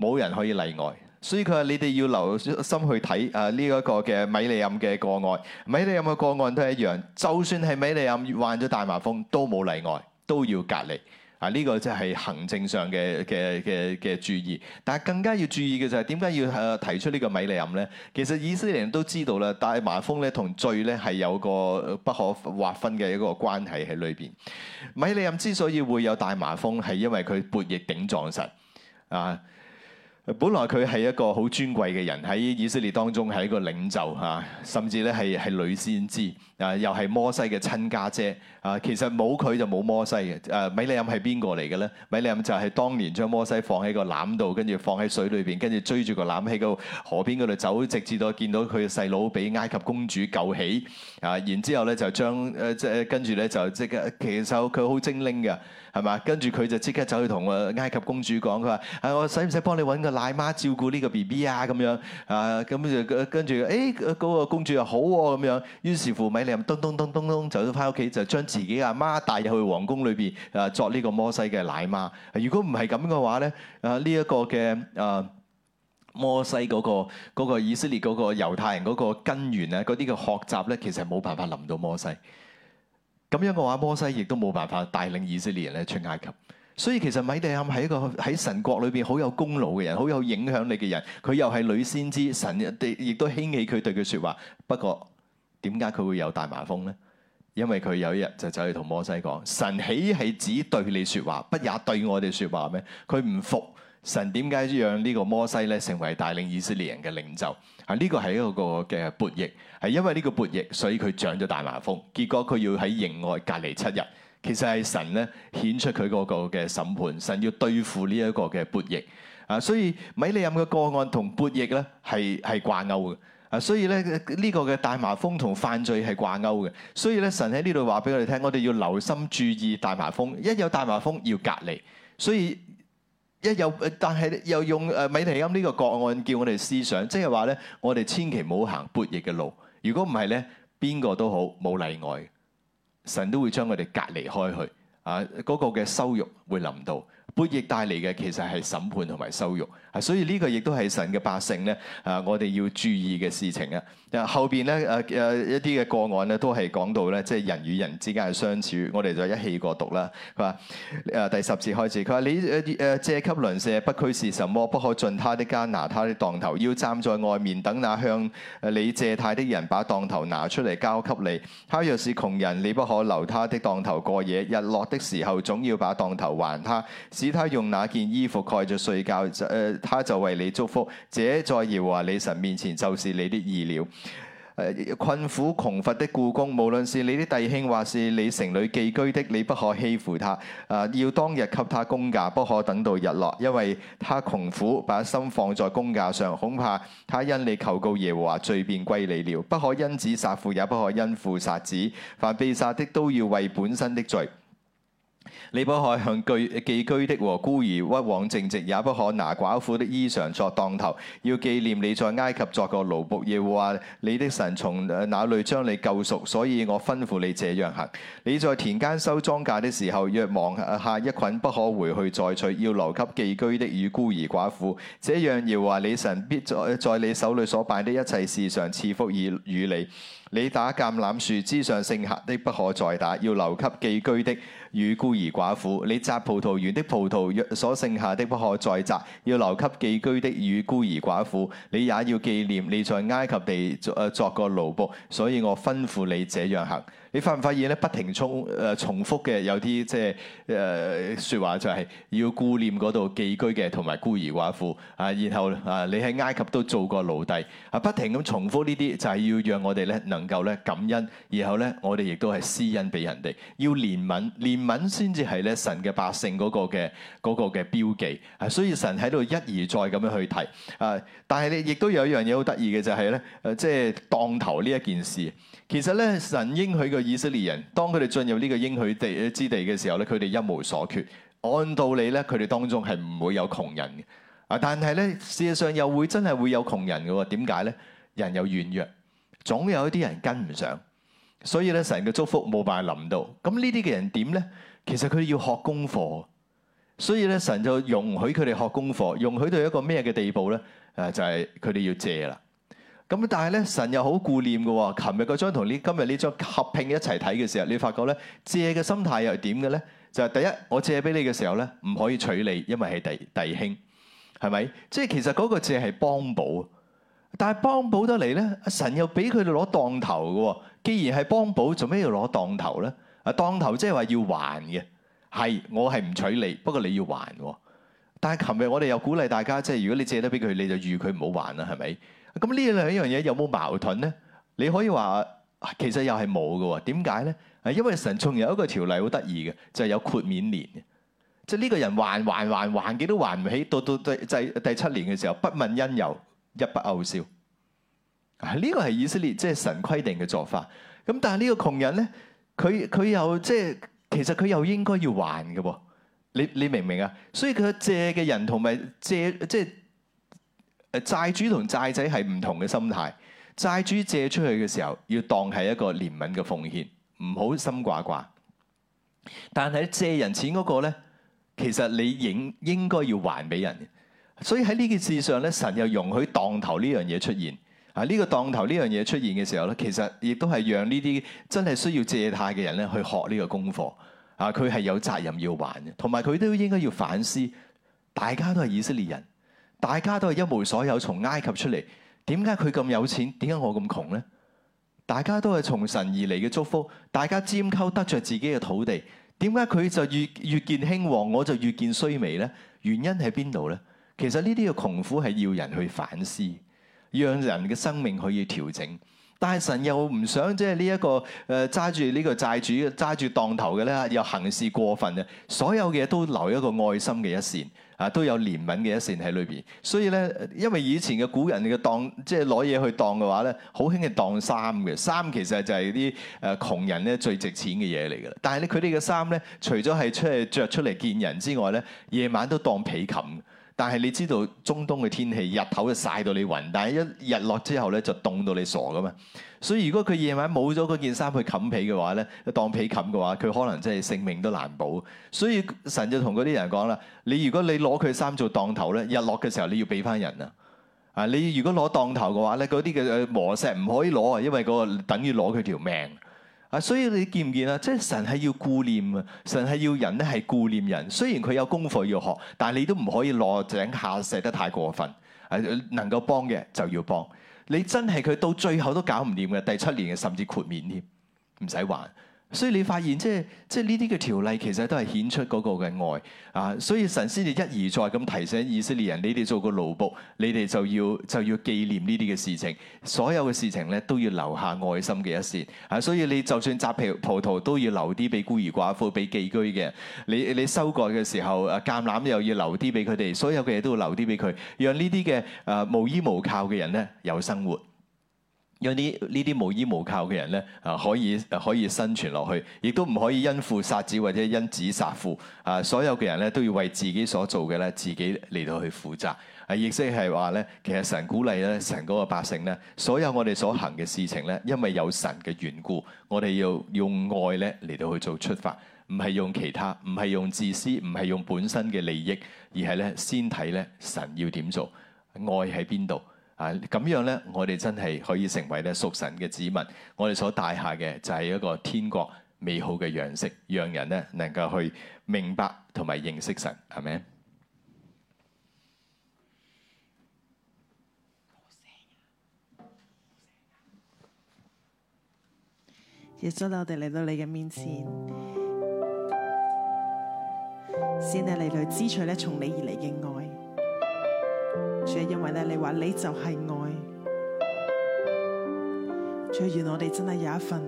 冇人可以例外，所以佢話你哋要留心去睇啊，呢一個嘅米利暗嘅個案，米利暗嘅個案都一樣，就算係米利暗患咗大麻風都冇例外，都要隔離啊！呢個即係行政上嘅嘅嘅嘅注意。但係更加要注意嘅就係點解要提出呢個米利暗咧？其實以色列人都知道啦，大麻風咧同罪咧係有個不可劃分嘅一個關係喺裏邊。米利暗之所以會有大麻風，係因為佢撥翼頂撞神啊。本來佢係一個好尊貴嘅人，喺以色列當中係一個領袖嚇、啊，甚至咧係係女先知啊，又係摩西嘅親家姐啊。其實冇佢就冇摩西嘅。誒、啊，米利暗係邊個嚟嘅咧？米利暗就係當年將摩西放喺個籃度，跟住放喺水裏邊，跟住追住個籃喺個河邊嗰度走，直至到見到佢細佬俾埃及公主救起啊。然之後咧就將誒即跟住咧就即刻騎手，佢好精靈嘅係嘛？跟住佢就即刻走去同埃及公主講，佢話：誒、啊、我使唔使幫你揾？奶媽照顧呢個 B B 啊，咁樣啊，咁就跟住，誒、啊，嗰、欸那個公主又好喎、啊，咁樣。於是乎，米利暗咚咚咚咚咚，就翻屋企，就將自己阿媽帶入去皇宮裏邊，誒，作呢個摩西嘅奶媽。如果唔係咁嘅話咧，啊，呢、這、一個嘅誒、啊，摩西嗰、那個、那個以色列嗰個猶太人嗰個根源啊，嗰啲嘅學習咧，其實冇辦法臨到摩西。咁樣嘅話，摩西亦都冇辦法帶領以色列人咧出埃及。所以其實米利暗係一個喺神國裏邊好有功勞嘅人，好有影響力嘅人。佢又係女先知，神亦都興起佢對佢説話。不過點解佢會有大麻風呢？因為佢有一日就走去同摩西講：神豈係只對你説話，不也對我哋説話咩？佢唔服神，點解讓呢個摩西咧成為帶領以色列人嘅領袖？啊，呢個係一個嘅悖逆，係因為呢個悖逆，所以佢長咗大麻風。結果佢要喺營外隔離七日。其實係神咧顯出佢嗰個嘅審判，神要對付呢一個嘅悖逆啊，所以米利暗嘅個案同悖逆咧係係掛鈎嘅啊，所以咧呢個嘅大麻風同犯罪係掛鈎嘅，所以咧神喺呢度話俾我哋聽，我哋要留心注意大麻風，一有大麻風要隔離，所以一有但係又用誒米利暗呢個個案叫我哋思想，即係話咧我哋千祈唔好行悖逆嘅路，如果唔係咧邊個都好冇例外。神都會將佢哋隔離開去，啊，嗰個嘅羞辱會臨到。背逆帶嚟嘅其實係審判同埋羞辱，所以呢個亦都係神嘅百姓呢。啊，我哋要注意嘅事情啊！後邊呢，誒誒一啲嘅個案呢都係講到呢，即係人與人之間嘅相處。我哋就一氣過讀啦，佢話誒第十節開始，佢話你誒誒借給鄰舍，不拘是什麼，不可進他的家拿他的當頭，要站在外面等那向你借貸的人把當頭拿出嚟交給你。他若是窮人，你不可留他的當頭過夜，日落的時候總要把當頭還他。指他用那件衣服蓋着睡覺，呃，他就為你祝福。這在耶和華你神面前就是你的義了、呃。困苦窮乏的僱工，無論是你的弟兄或是你城裏寄居的，你不可欺負他。呃、要當日給他工價，不可等到日落，因為他窮苦，把心放在工價上，恐怕他因你求告耶和華，罪便歸你了。不可因子殺父也，也不可因父殺子。凡被殺的都要為本身的罪。你不可向寄居的和孤兒屈枉正直，也不可拿寡婦的衣裳作當頭。要紀念你在埃及作過奴僕耶和華你的神從哪裏將你救贖，所以我吩咐你這樣行。你在田間收莊稼的時候，若忘下一捆不可回去再取，要留給寄居的與孤兒寡婦。這樣，耶和華你神必在在你手裏所辦的一切事上賜福與與你。你打橄欖樹枝上剩下的不可再打，要留給寄居的。與孤兒寡婦，你摘葡萄園的葡萄，若所剩下的不可再摘，要留給寄居的與孤兒寡婦。你也要記念，你在埃及地作過奴僕，所以我吩咐你這樣行。你發唔發現咧？不停重誒重複嘅有啲即係誒說話就係要顧念嗰度寄居嘅同埋孤兒寡婦啊！然後啊，你喺埃及都做過奴隸啊，不停咁重複呢啲，就係要讓我哋咧能夠咧感恩，然後咧我哋亦都係施恩俾人哋，要憐憫憐憫先至係咧神嘅百姓個嘅嗰個嘅標記啊！所以神喺度一而再咁樣去提啊，但係你亦都有一樣嘢好得意嘅就係咧誒即係當頭呢一件事，其實咧神應許嘅。以色列人當佢哋進入呢個應許地之地嘅時候咧，佢哋一無所缺。按道理咧，佢哋當中係唔會有窮人嘅。啊，但係咧，事實上又會真係會有窮人嘅。點解咧？人有軟弱，總有一啲人跟唔上，所以咧，神嘅祝福冇辦法臨到。咁呢啲嘅人點咧？其實佢哋要學功課，所以咧，神就容許佢哋學功課，容許到一個咩嘅地步咧？誒，就係佢哋要借啦。咁但係咧，神又好顧念嘅。琴日嗰張同呢今日呢張合拼一齊睇嘅時候，你發覺咧，借嘅心態又係點嘅咧？就係、是、第一，我借俾你嘅時候咧，唔可以取利，因為係弟弟兄，係咪？即係其實嗰個借係幫補，但係幫補得嚟咧，神又俾佢哋攞當頭嘅。既然係幫補，做咩要攞當頭咧？啊，當頭即係話要還嘅，係我係唔取利，不過你要還。但係琴日我哋又鼓勵大家，即係如果你借得俾佢，你就預佢唔好還啦，係咪？咁呢兩樣嘢有冇矛盾咧？你可以話其實又係冇嘅喎。點解咧？係因為神仲有一個條例好得意嘅，就係、是、有豁免年嘅。即係呢個人還還還還幾都還唔起，到到第第七年嘅時候，不問因由，一筆勾銷。啊，呢個係以色列即係神規定嘅做法。咁但係呢個窮人咧，佢佢又即係其實佢又應該要還嘅喎。你你明唔明啊？所以佢借嘅人同埋借即係。誒，債主同債仔係唔同嘅心態。債主借出去嘅時候，要當係一個憐憫嘅奉獻，唔好心掛掛。但係借人錢嗰個呢，其實你應應該要還俾人嘅。所以喺呢件事上咧，神又容許當頭呢樣嘢出現。啊，呢個當頭呢樣嘢出現嘅時候咧，其實亦都係讓呢啲真係需要借貸嘅人咧去學呢個功課。啊，佢係有責任要還嘅，同埋佢都應該要反思。大家都係以色列人。大家都係一無所有，從埃及出嚟，點解佢咁有錢？點解我咁窮呢？大家都係從神而嚟嘅祝福，大家占溝得着自己嘅土地，點解佢就越越見興旺，我就越見衰微呢？原因喺邊度呢？其實呢啲嘅窮苦係要人去反思，讓人嘅生命可以調整。但係神又唔想即係呢一個誒揸住呢個債主揸住當頭嘅咧，又行事過分嘅，所有嘢都留一個愛心嘅一線。啊，都有憐憫嘅一線喺裏邊，所以咧，因為以前嘅古人嘅當即係攞嘢去當嘅話咧，好興係當衫嘅衫，其實就係啲誒窮人咧最值錢嘅嘢嚟嘅啦。但係咧，佢哋嘅衫咧，除咗係出嚟著出嚟見人之外咧，夜晚都當被冚。但係你知道中東嘅天氣，日頭就曬到你暈，但係一日落之後咧就凍到你傻噶嘛。所以如果佢夜晚冇咗嗰件衫去冚被嘅話咧，當被冚嘅話，佢可能真係性命都難保。所以神就同嗰啲人講啦，你如果你攞佢衫做當頭咧，日落嘅時候你要俾翻人啊！啊，你如果攞當頭嘅話咧，嗰啲嘅磨石唔可以攞啊，因為嗰個等於攞佢條命。啊！所以你見唔見啊？即係神係要顧念啊！神係要人咧係顧念人。雖然佢有功課要學，但係你都唔可以落井下石得太過分。能夠幫嘅就要幫。你真係佢到最後都搞唔掂嘅第七年嘅，甚至豁免添，唔使還。所以你發現，即係即係呢啲嘅條例，其實都係顯出嗰個嘅愛啊！所以神先至一而再咁提醒以色列人：你哋做個奴僕，你哋就要就要紀念呢啲嘅事情。所有嘅事情咧，都要留下愛心嘅一線啊！所以你就算摘皮葡萄，都要留啲俾孤兒寡婦、俾寄居嘅。你你收割嘅時候，啊，橄欖又要留啲俾佢哋。所有嘅嘢都要留啲俾佢，讓呢啲嘅誒無依無靠嘅人咧有生活。有啲呢啲無依無靠嘅人咧，啊，可以可以生存落去，亦都唔可以因父殺子或者因子殺父。啊，所有嘅人咧都要為自己所做嘅咧自己嚟到去負責。啊，亦即係話咧，其實神鼓勵咧神嗰個百姓咧，所有我哋所行嘅事情咧，因為有神嘅緣故，我哋要用愛咧嚟到去做出發，唔係用其他，唔係用自私，唔係用本身嘅利益，而係咧先睇咧神要點做，愛喺邊度。啊，咁樣咧，我哋真係可以成為咧屬神嘅子民。我哋所帶下嘅就係一個天國美好嘅樣式，讓人咧能夠去明白同埋認識神。阿們，耶穌啊！我哋嚟到你嘅面前，先嚟嚟汲取咧從你而嚟嘅愛。就係因為你話你就係愛，所以我哋真係有一份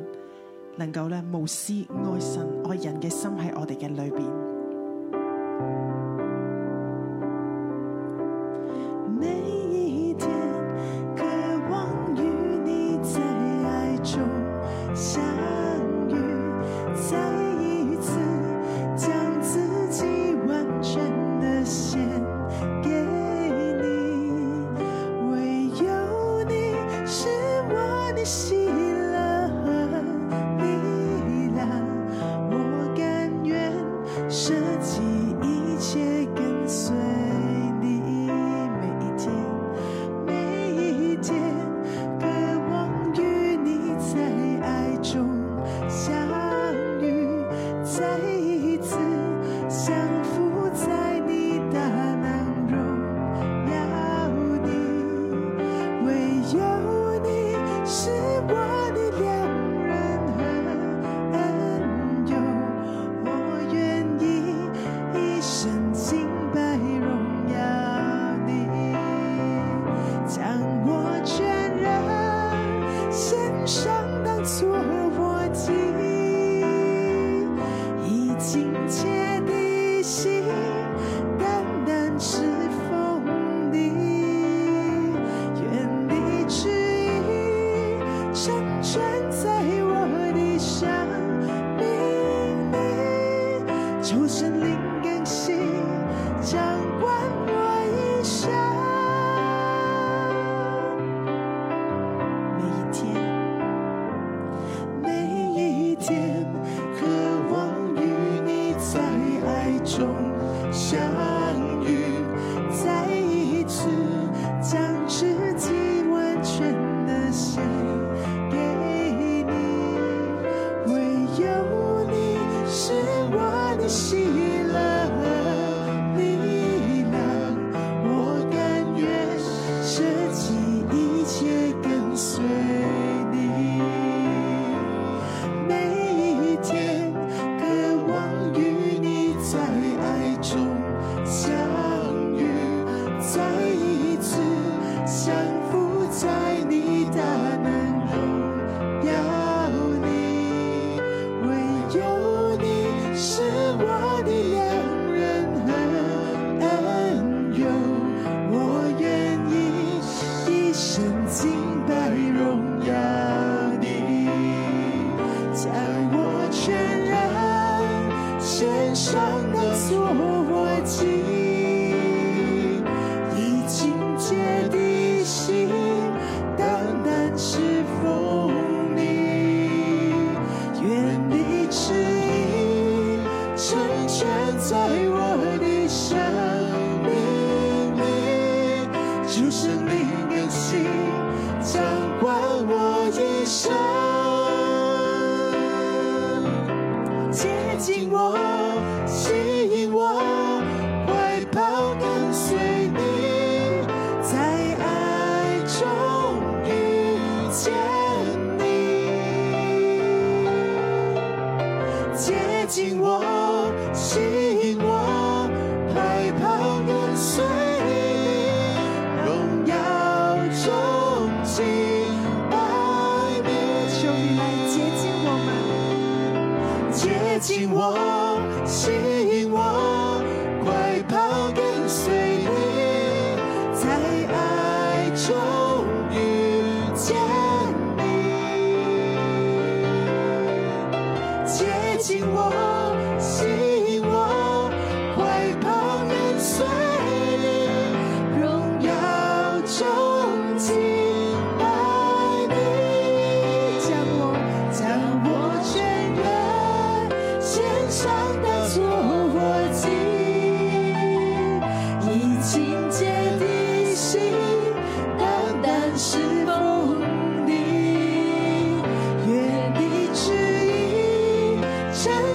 能夠咧無私愛神愛人嘅心喺我哋嘅裏面。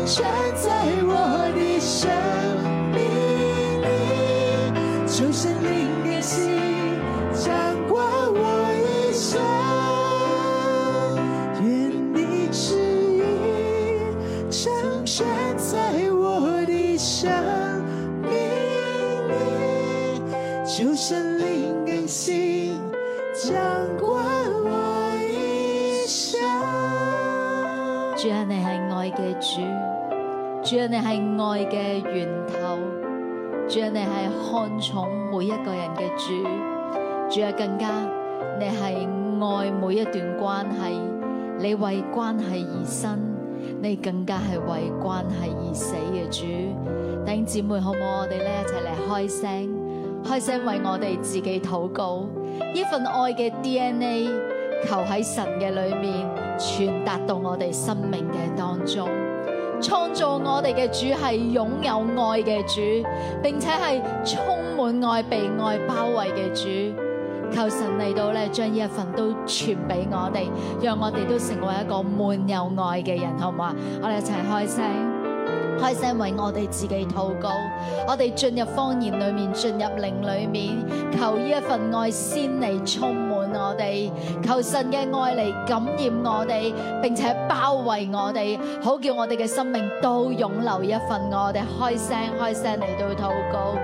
全在我的身。你係愛嘅源頭，主啊，你係看重每一個人嘅主，主啊更加，你係愛每一段關係，你為關係而生，你更加係為關係而死嘅主。弟兄姊妹，好唔好？我哋咧一齊嚟開聲，開聲為我哋自己禱告，呢份愛嘅 DNA，求喺神嘅裏面傳達到我哋生命嘅當中。創造我哋嘅主係擁有愛嘅主，並且係充滿愛、被愛包圍嘅主。求神嚟到咧，將呢一份都傳俾我哋，讓我哋都成為一個滿有愛嘅人，好唔好啊？我哋一齊開聲，開聲為我哋自己禱告，我哋進入方言裏面，進入靈裏面，求呢一份愛先嚟充滿。我哋求神嘅愛嚟感染我哋，並且包圍我哋，好叫我哋嘅生命都湧流一份愛。我哋開聲，開聲嚟到禱告。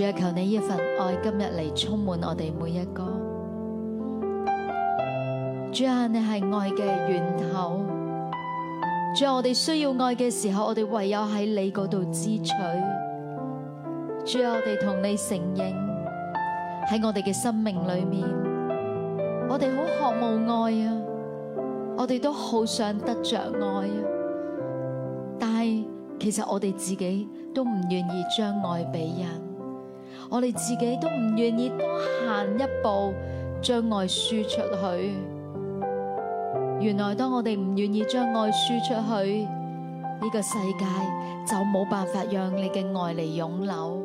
主 <music> 求你一份愛，今日嚟充滿我哋每一個。主啊，你係愛嘅源頭。主啊，我哋需要愛嘅時候，我哋唯有喺你嗰度支取。主啊，我哋同你承認，喺我哋嘅生命裏面，我哋好渴望愛啊，我哋都好想得着愛啊，但係其實我哋自己都唔願意將愛俾人，我哋自己都唔願意多行一步將愛輸出去。原來當我哋唔願意將愛輸出去，呢個世界就冇辦法讓你嘅愛嚟湧流。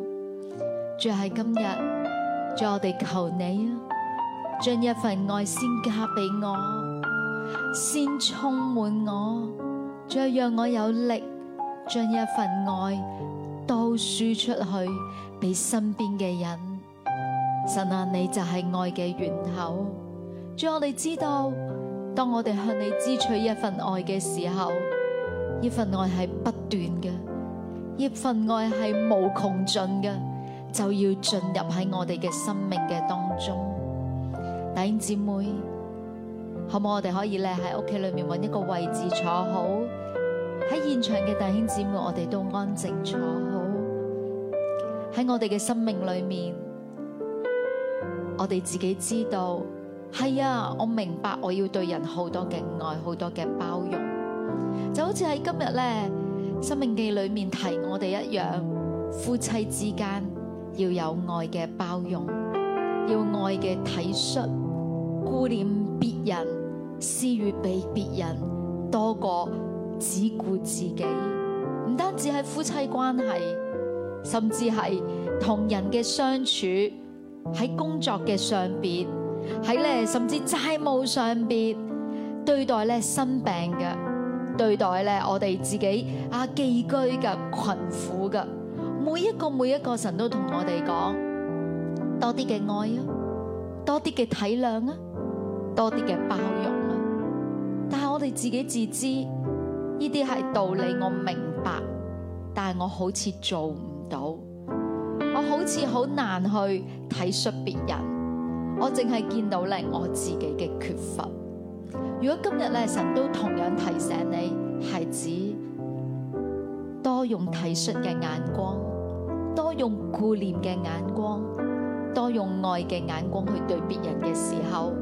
就係今日，叫我哋求你啊，將一份愛先加俾我，先充滿我，再讓我有力將一份愛都輸出去俾身邊嘅人。神啊，你就係愛嘅源頭，叫我哋知道。當我哋向你支取一份愛嘅時候，呢份愛係不斷嘅，呢份愛係無窮盡嘅，就要進入喺我哋嘅生命嘅當中。弟兄姊妹，可唔可以我哋可以咧喺屋企裏面揾一個位置坐好，喺現場嘅弟兄姊妹，我哋都安靜坐好。喺我哋嘅生命裏面，我哋自己知道。係啊，我明白我要對人好多嘅愛，好多嘅包容，就好似喺今日咧《申命記》裏面提我哋一樣，夫妻之間要有愛嘅包容，要愛嘅體恤，顧念別人，思慮畀別人多過只顧自己。唔單止係夫妻關係，甚至係同人嘅相處，喺工作嘅上邊。喺咧，甚至債務上邊對待咧生病嘅，對待咧我哋自己啊寄居嘅、困苦嘅，每一個每一個神都同我哋講多啲嘅愛啊，多啲嘅體諒啊，多啲嘅包容啊。但係我哋自己自知呢啲係道理，我明白，但係我好似做唔到，我好似好難去體恤別人。我淨係見到咧我自己嘅缺乏。如果今日咧神都同樣提醒你，孩子多用體恤嘅眼光，多用顧念嘅眼光，多用愛嘅眼光去對別人嘅時候，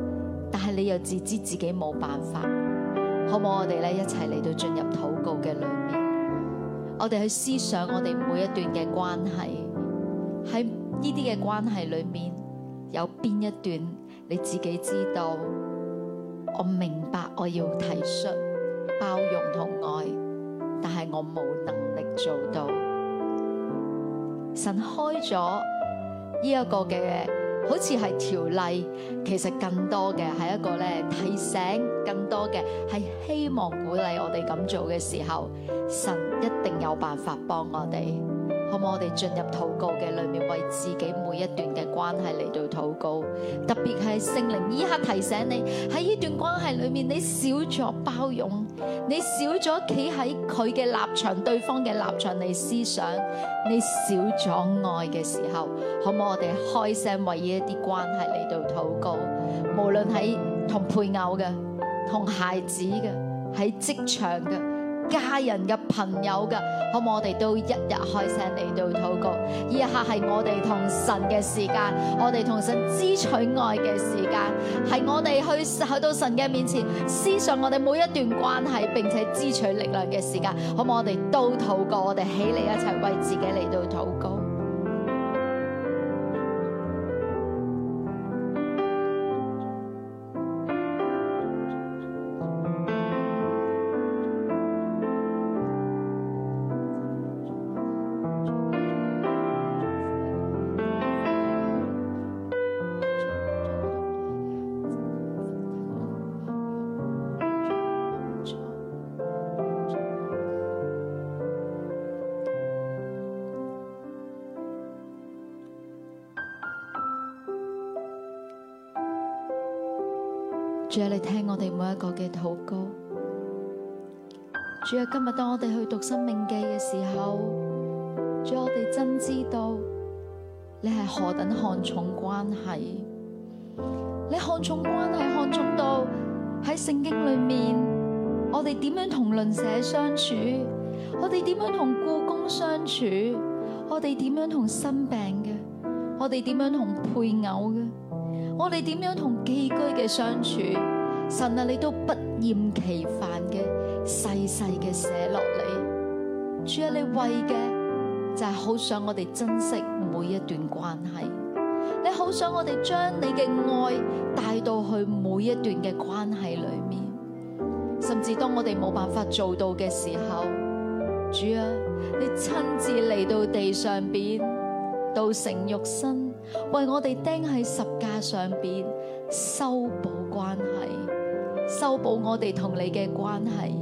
但係你又自知自己冇辦法，可唔可以我哋咧一齊嚟到進入禱告嘅裏面，我哋去思想我哋每一段嘅關係，喺呢啲嘅關係裏面。有邊一段你自己知道？我明白我要提出包容同愛，但係我冇能力做到。神開咗呢一個嘅，好似係條例，其實更多嘅係一個呢，提醒，更多嘅係希望鼓勵我哋咁做嘅時候，神一定有辦法幫我哋。好冇？我哋進入禱告嘅裏面，為自己每一段嘅關係嚟到禱告。特別係聖靈依刻提醒你，喺呢段關係裏面，你少咗包容，你少咗企喺佢嘅立場，對方嘅立場嚟思想，你少咗愛嘅時候，好冇？我哋開聲為呢一啲關係嚟到禱告。無論喺同配偶嘅、同孩子嘅、喺職場嘅。家人嘅朋友嘅，好唔好我哋都一日開聲嚟到禱告？以下係我哋同神嘅時間，我哋同神支取愛嘅時間，係我哋去去到神嘅面前，思想我哋每一段關係，並且支取力量嘅時間，好唔好我哋都禱告？我哋起嚟一齊為自己嚟到禱告。讓你聽我哋每一個嘅禱告，主啊，今日當我哋去讀申命記嘅時候，主，我哋真知道你係何等看重關係，你看重關係看重到喺聖經裏面，我哋點樣同鄰舍相處，我哋點樣同僱工相處，我哋點樣同心病嘅，我哋點樣同配偶嘅。我哋點樣同寄居嘅相處，神啊，你都不厭其煩嘅細細嘅寫落嚟。主啊，你為嘅就係好想我哋珍惜每一段關係，你好想我哋將你嘅愛帶到去每一段嘅關係裏面。甚至當我哋冇辦法做到嘅時候，主啊，你親自嚟到地上邊，道成肉身。為我哋釘喺十架上面，修補關係，修補我哋同你嘅關係，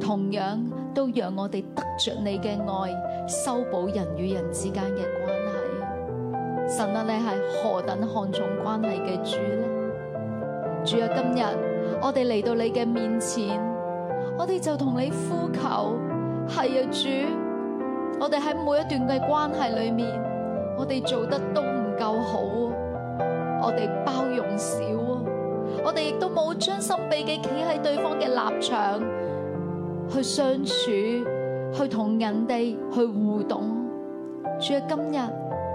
同樣都讓我哋得着你嘅愛，修補人與人之間嘅關係。神啊，你係何等看重關係嘅主呢？主啊，今日我哋嚟到你嘅面前，我哋就同你呼求，係啊，主，我哋喺每一段嘅關係裏面，我哋做得都夠好，我哋包容少，我哋亦都冇將心比己，企喺對方嘅立場去相處，去同人哋去互動。主啊，今日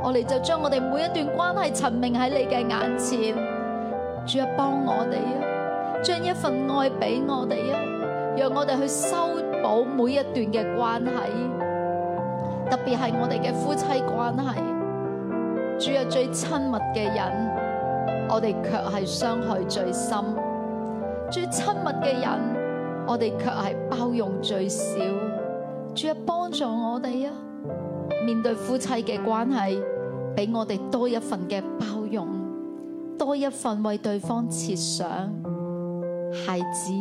我哋就將我哋每一段關係陳明喺你嘅眼前。主啊，幫我哋啊，將一份愛俾我哋啊，讓我哋去修補每一段嘅關係，特別係我哋嘅夫妻關係。主啊，最親密嘅人，我哋卻係傷害最深；最親密嘅人，我哋卻係包容最少。主啊，幫助我哋啊，面對夫妻嘅關係，俾我哋多一份嘅包容，多一份為對方設想。孩子、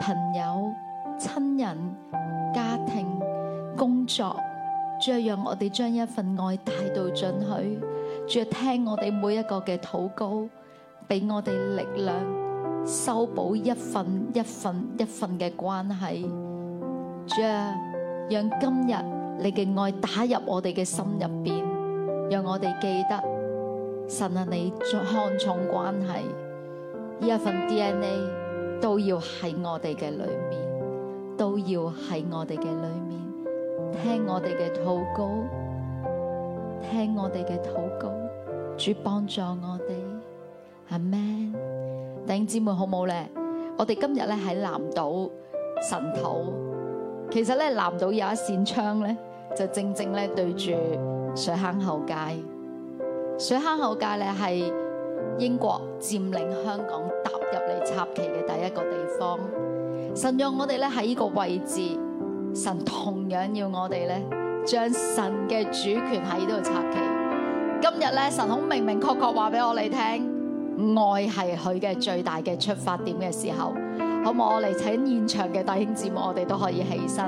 朋友、親人、家庭、工作。主啊，讓我哋將一份愛帶到進去，主啊，聽我哋每一個嘅禱告，俾我哋力量，修補一份一份一份嘅關係。主啊，讓今日你嘅愛打入我哋嘅心入邊，讓我哋記得神啊，你看重關係，呢一份 DNA 都要喺我哋嘅裏面，都要喺我哋嘅裏面。聽我哋嘅禱告，聽我哋嘅禱告，主幫助我哋，阿門。弟兄姊妹好唔好咧？我哋今日咧喺南島神土，其實咧南島有一扇窗咧，就正正咧對住水坑口街。水坑口街咧係英國佔領香港踏入嚟插旗嘅第一個地方。神用我哋咧喺呢個位置。神同樣要我哋咧，將神嘅主權喺呢度插旗。今日咧，神好明明確確話俾我哋聽，愛係佢嘅最大嘅出發點嘅時候。好冇？我嚟請現場嘅弟兄姊妹，我哋都可以起身。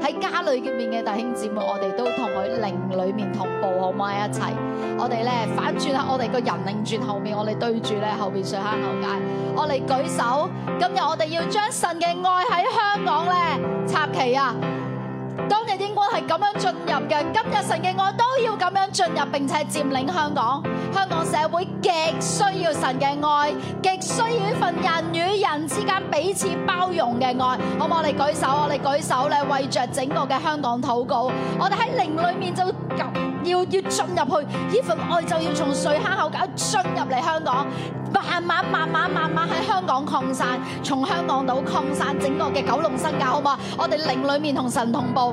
喺家裏邊嘅弟兄姊妹，我哋都同佢靈裏面同步，好冇啊！一齊，我哋咧反轉，喺我哋個人轉轉後面，我哋對住咧後面水坑口街，我嚟舉手。今日我哋要將神嘅愛喺香港咧插旗啊！當日英國係咁樣進入嘅，今日神嘅愛都要咁樣進入，並且佔領香港。香港社會極需要神嘅愛，極需要一份人與人之間彼此包容嘅愛，好唔好？我哋舉手，我哋舉手，你為着整個嘅香港禱告。我哋喺靈裏面就要要進入去，呢份愛就要從水坑口搞進入嚟香港，慢慢慢慢慢慢喺香港擴散，從香港島擴散整個嘅九龍新界，好唔好？我哋靈裏面同神同步。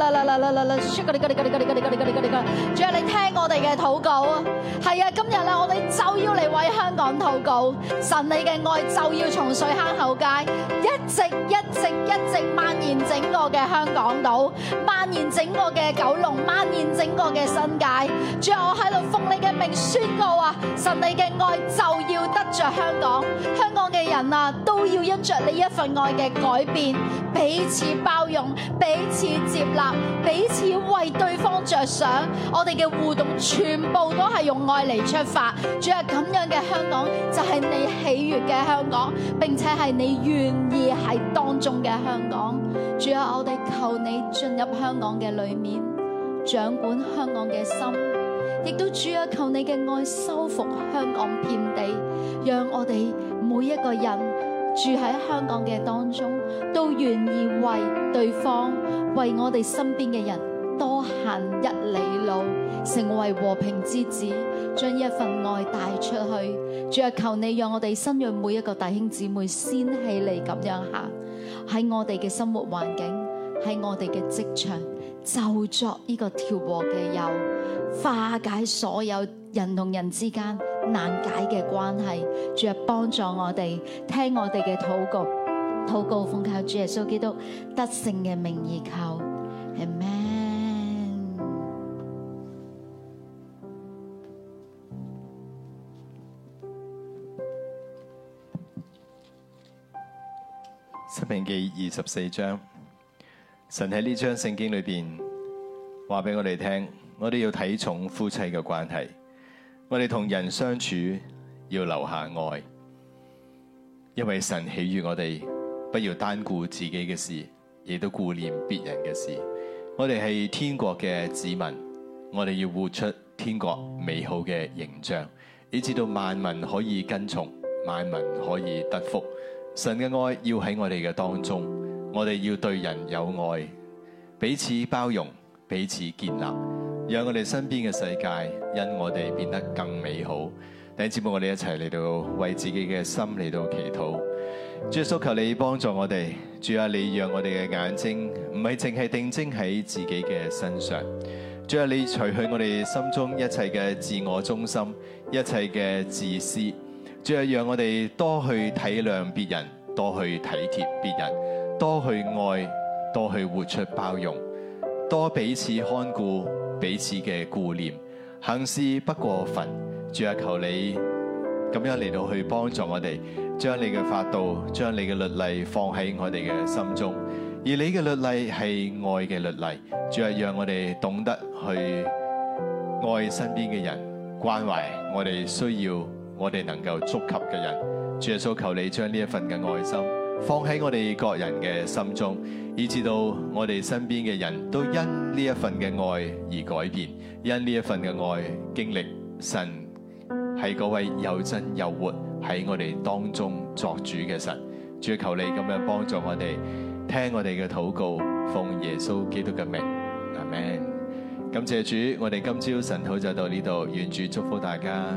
嚟嚟嚟嚟嚟嚟，宣告你嘅你嘅你嘅你嘅你嘅你嘅你嘅你嘅，主啊，你聽我哋嘅禱告啊！係啊，今日咧，我哋就要嚟為香港禱告，神你嘅愛就要從水坑口街一直一直一直蔓延整個嘅香港島，蔓延整個嘅九龍，蔓延整個嘅新界。主啊，我喺度奉你嘅名宣告啊，神你嘅愛就要得着香港，香港嘅人啊都要因着呢一份愛嘅改變，彼此包容，彼此接納。彼此為對方着想，我哋嘅互動全部都係用愛嚟出發。主啊，咁樣嘅香港就係、是、你喜悅嘅香港，並且係你願意喺當中嘅香港。主啊，我哋求你進入香港嘅裏面，掌管香港嘅心，亦都主要求你嘅愛修復香港遍地，讓我哋每一個人。住喺香港嘅當中，都願意為對方、為我哋身邊嘅人多行一里路，成為和平之子，將一份愛帶出去。主啊，求你讓我哋新約每一個弟兄姊妹先起嚟咁樣行，喺我哋嘅生活環境，喺我哋嘅職場，就作呢個調和嘅油化解所有。人同人之間難解嘅關係，主啊，幫助我哋聽我哋嘅禱告，禱告奉靠主耶穌基督得勝嘅名而求，Amen。申命記二十四章，神喺呢章聖經裏邊話俾我哋聽，我哋要睇重夫妻嘅關係。我哋同人相處要留下愛，因為神喜悦我哋不要單顧自己嘅事，亦都顧念別人嘅事。我哋係天國嘅子民，我哋要活出天國美好嘅形象，以至到萬民可以跟從，萬民可以得福。神嘅愛要喺我哋嘅當中，我哋要對人有愛，彼此包容，彼此建立。讓我哋身邊嘅世界因我哋變得更美好。第一節目，我哋一齊嚟到為自己嘅心嚟到祈禱。主耶穌，求你幫助我哋。主啊，你讓我哋嘅眼睛唔係淨係定睛喺自己嘅身上。主啊，你除去我哋心中一切嘅自我中心，一切嘅自私。主啊，讓我哋多去體諒別人，多去體貼別人，多去愛，多去活出包容，多彼此看顧。彼此嘅顧念，行事不過分。主啊，求你咁樣嚟到去幫助我哋，將你嘅法度、將你嘅律例放喺我哋嘅心中。而你嘅律例係愛嘅律例，主啊，讓我哋懂得去愛身邊嘅人，關懷我哋需要、我哋能夠觸及嘅人。主耶穌，求你將呢一份嘅愛心放喺我哋各人嘅心中。以至到我哋身邊嘅人都因呢一份嘅愛而改變，因呢一份嘅愛經歷，神係嗰位又真又活喺我哋當中作主嘅神，主求你咁樣幫助我哋聽我哋嘅禱告，奉耶穌基督嘅名，阿門。感謝主，我哋今朝神討就到呢度，願主祝福大家。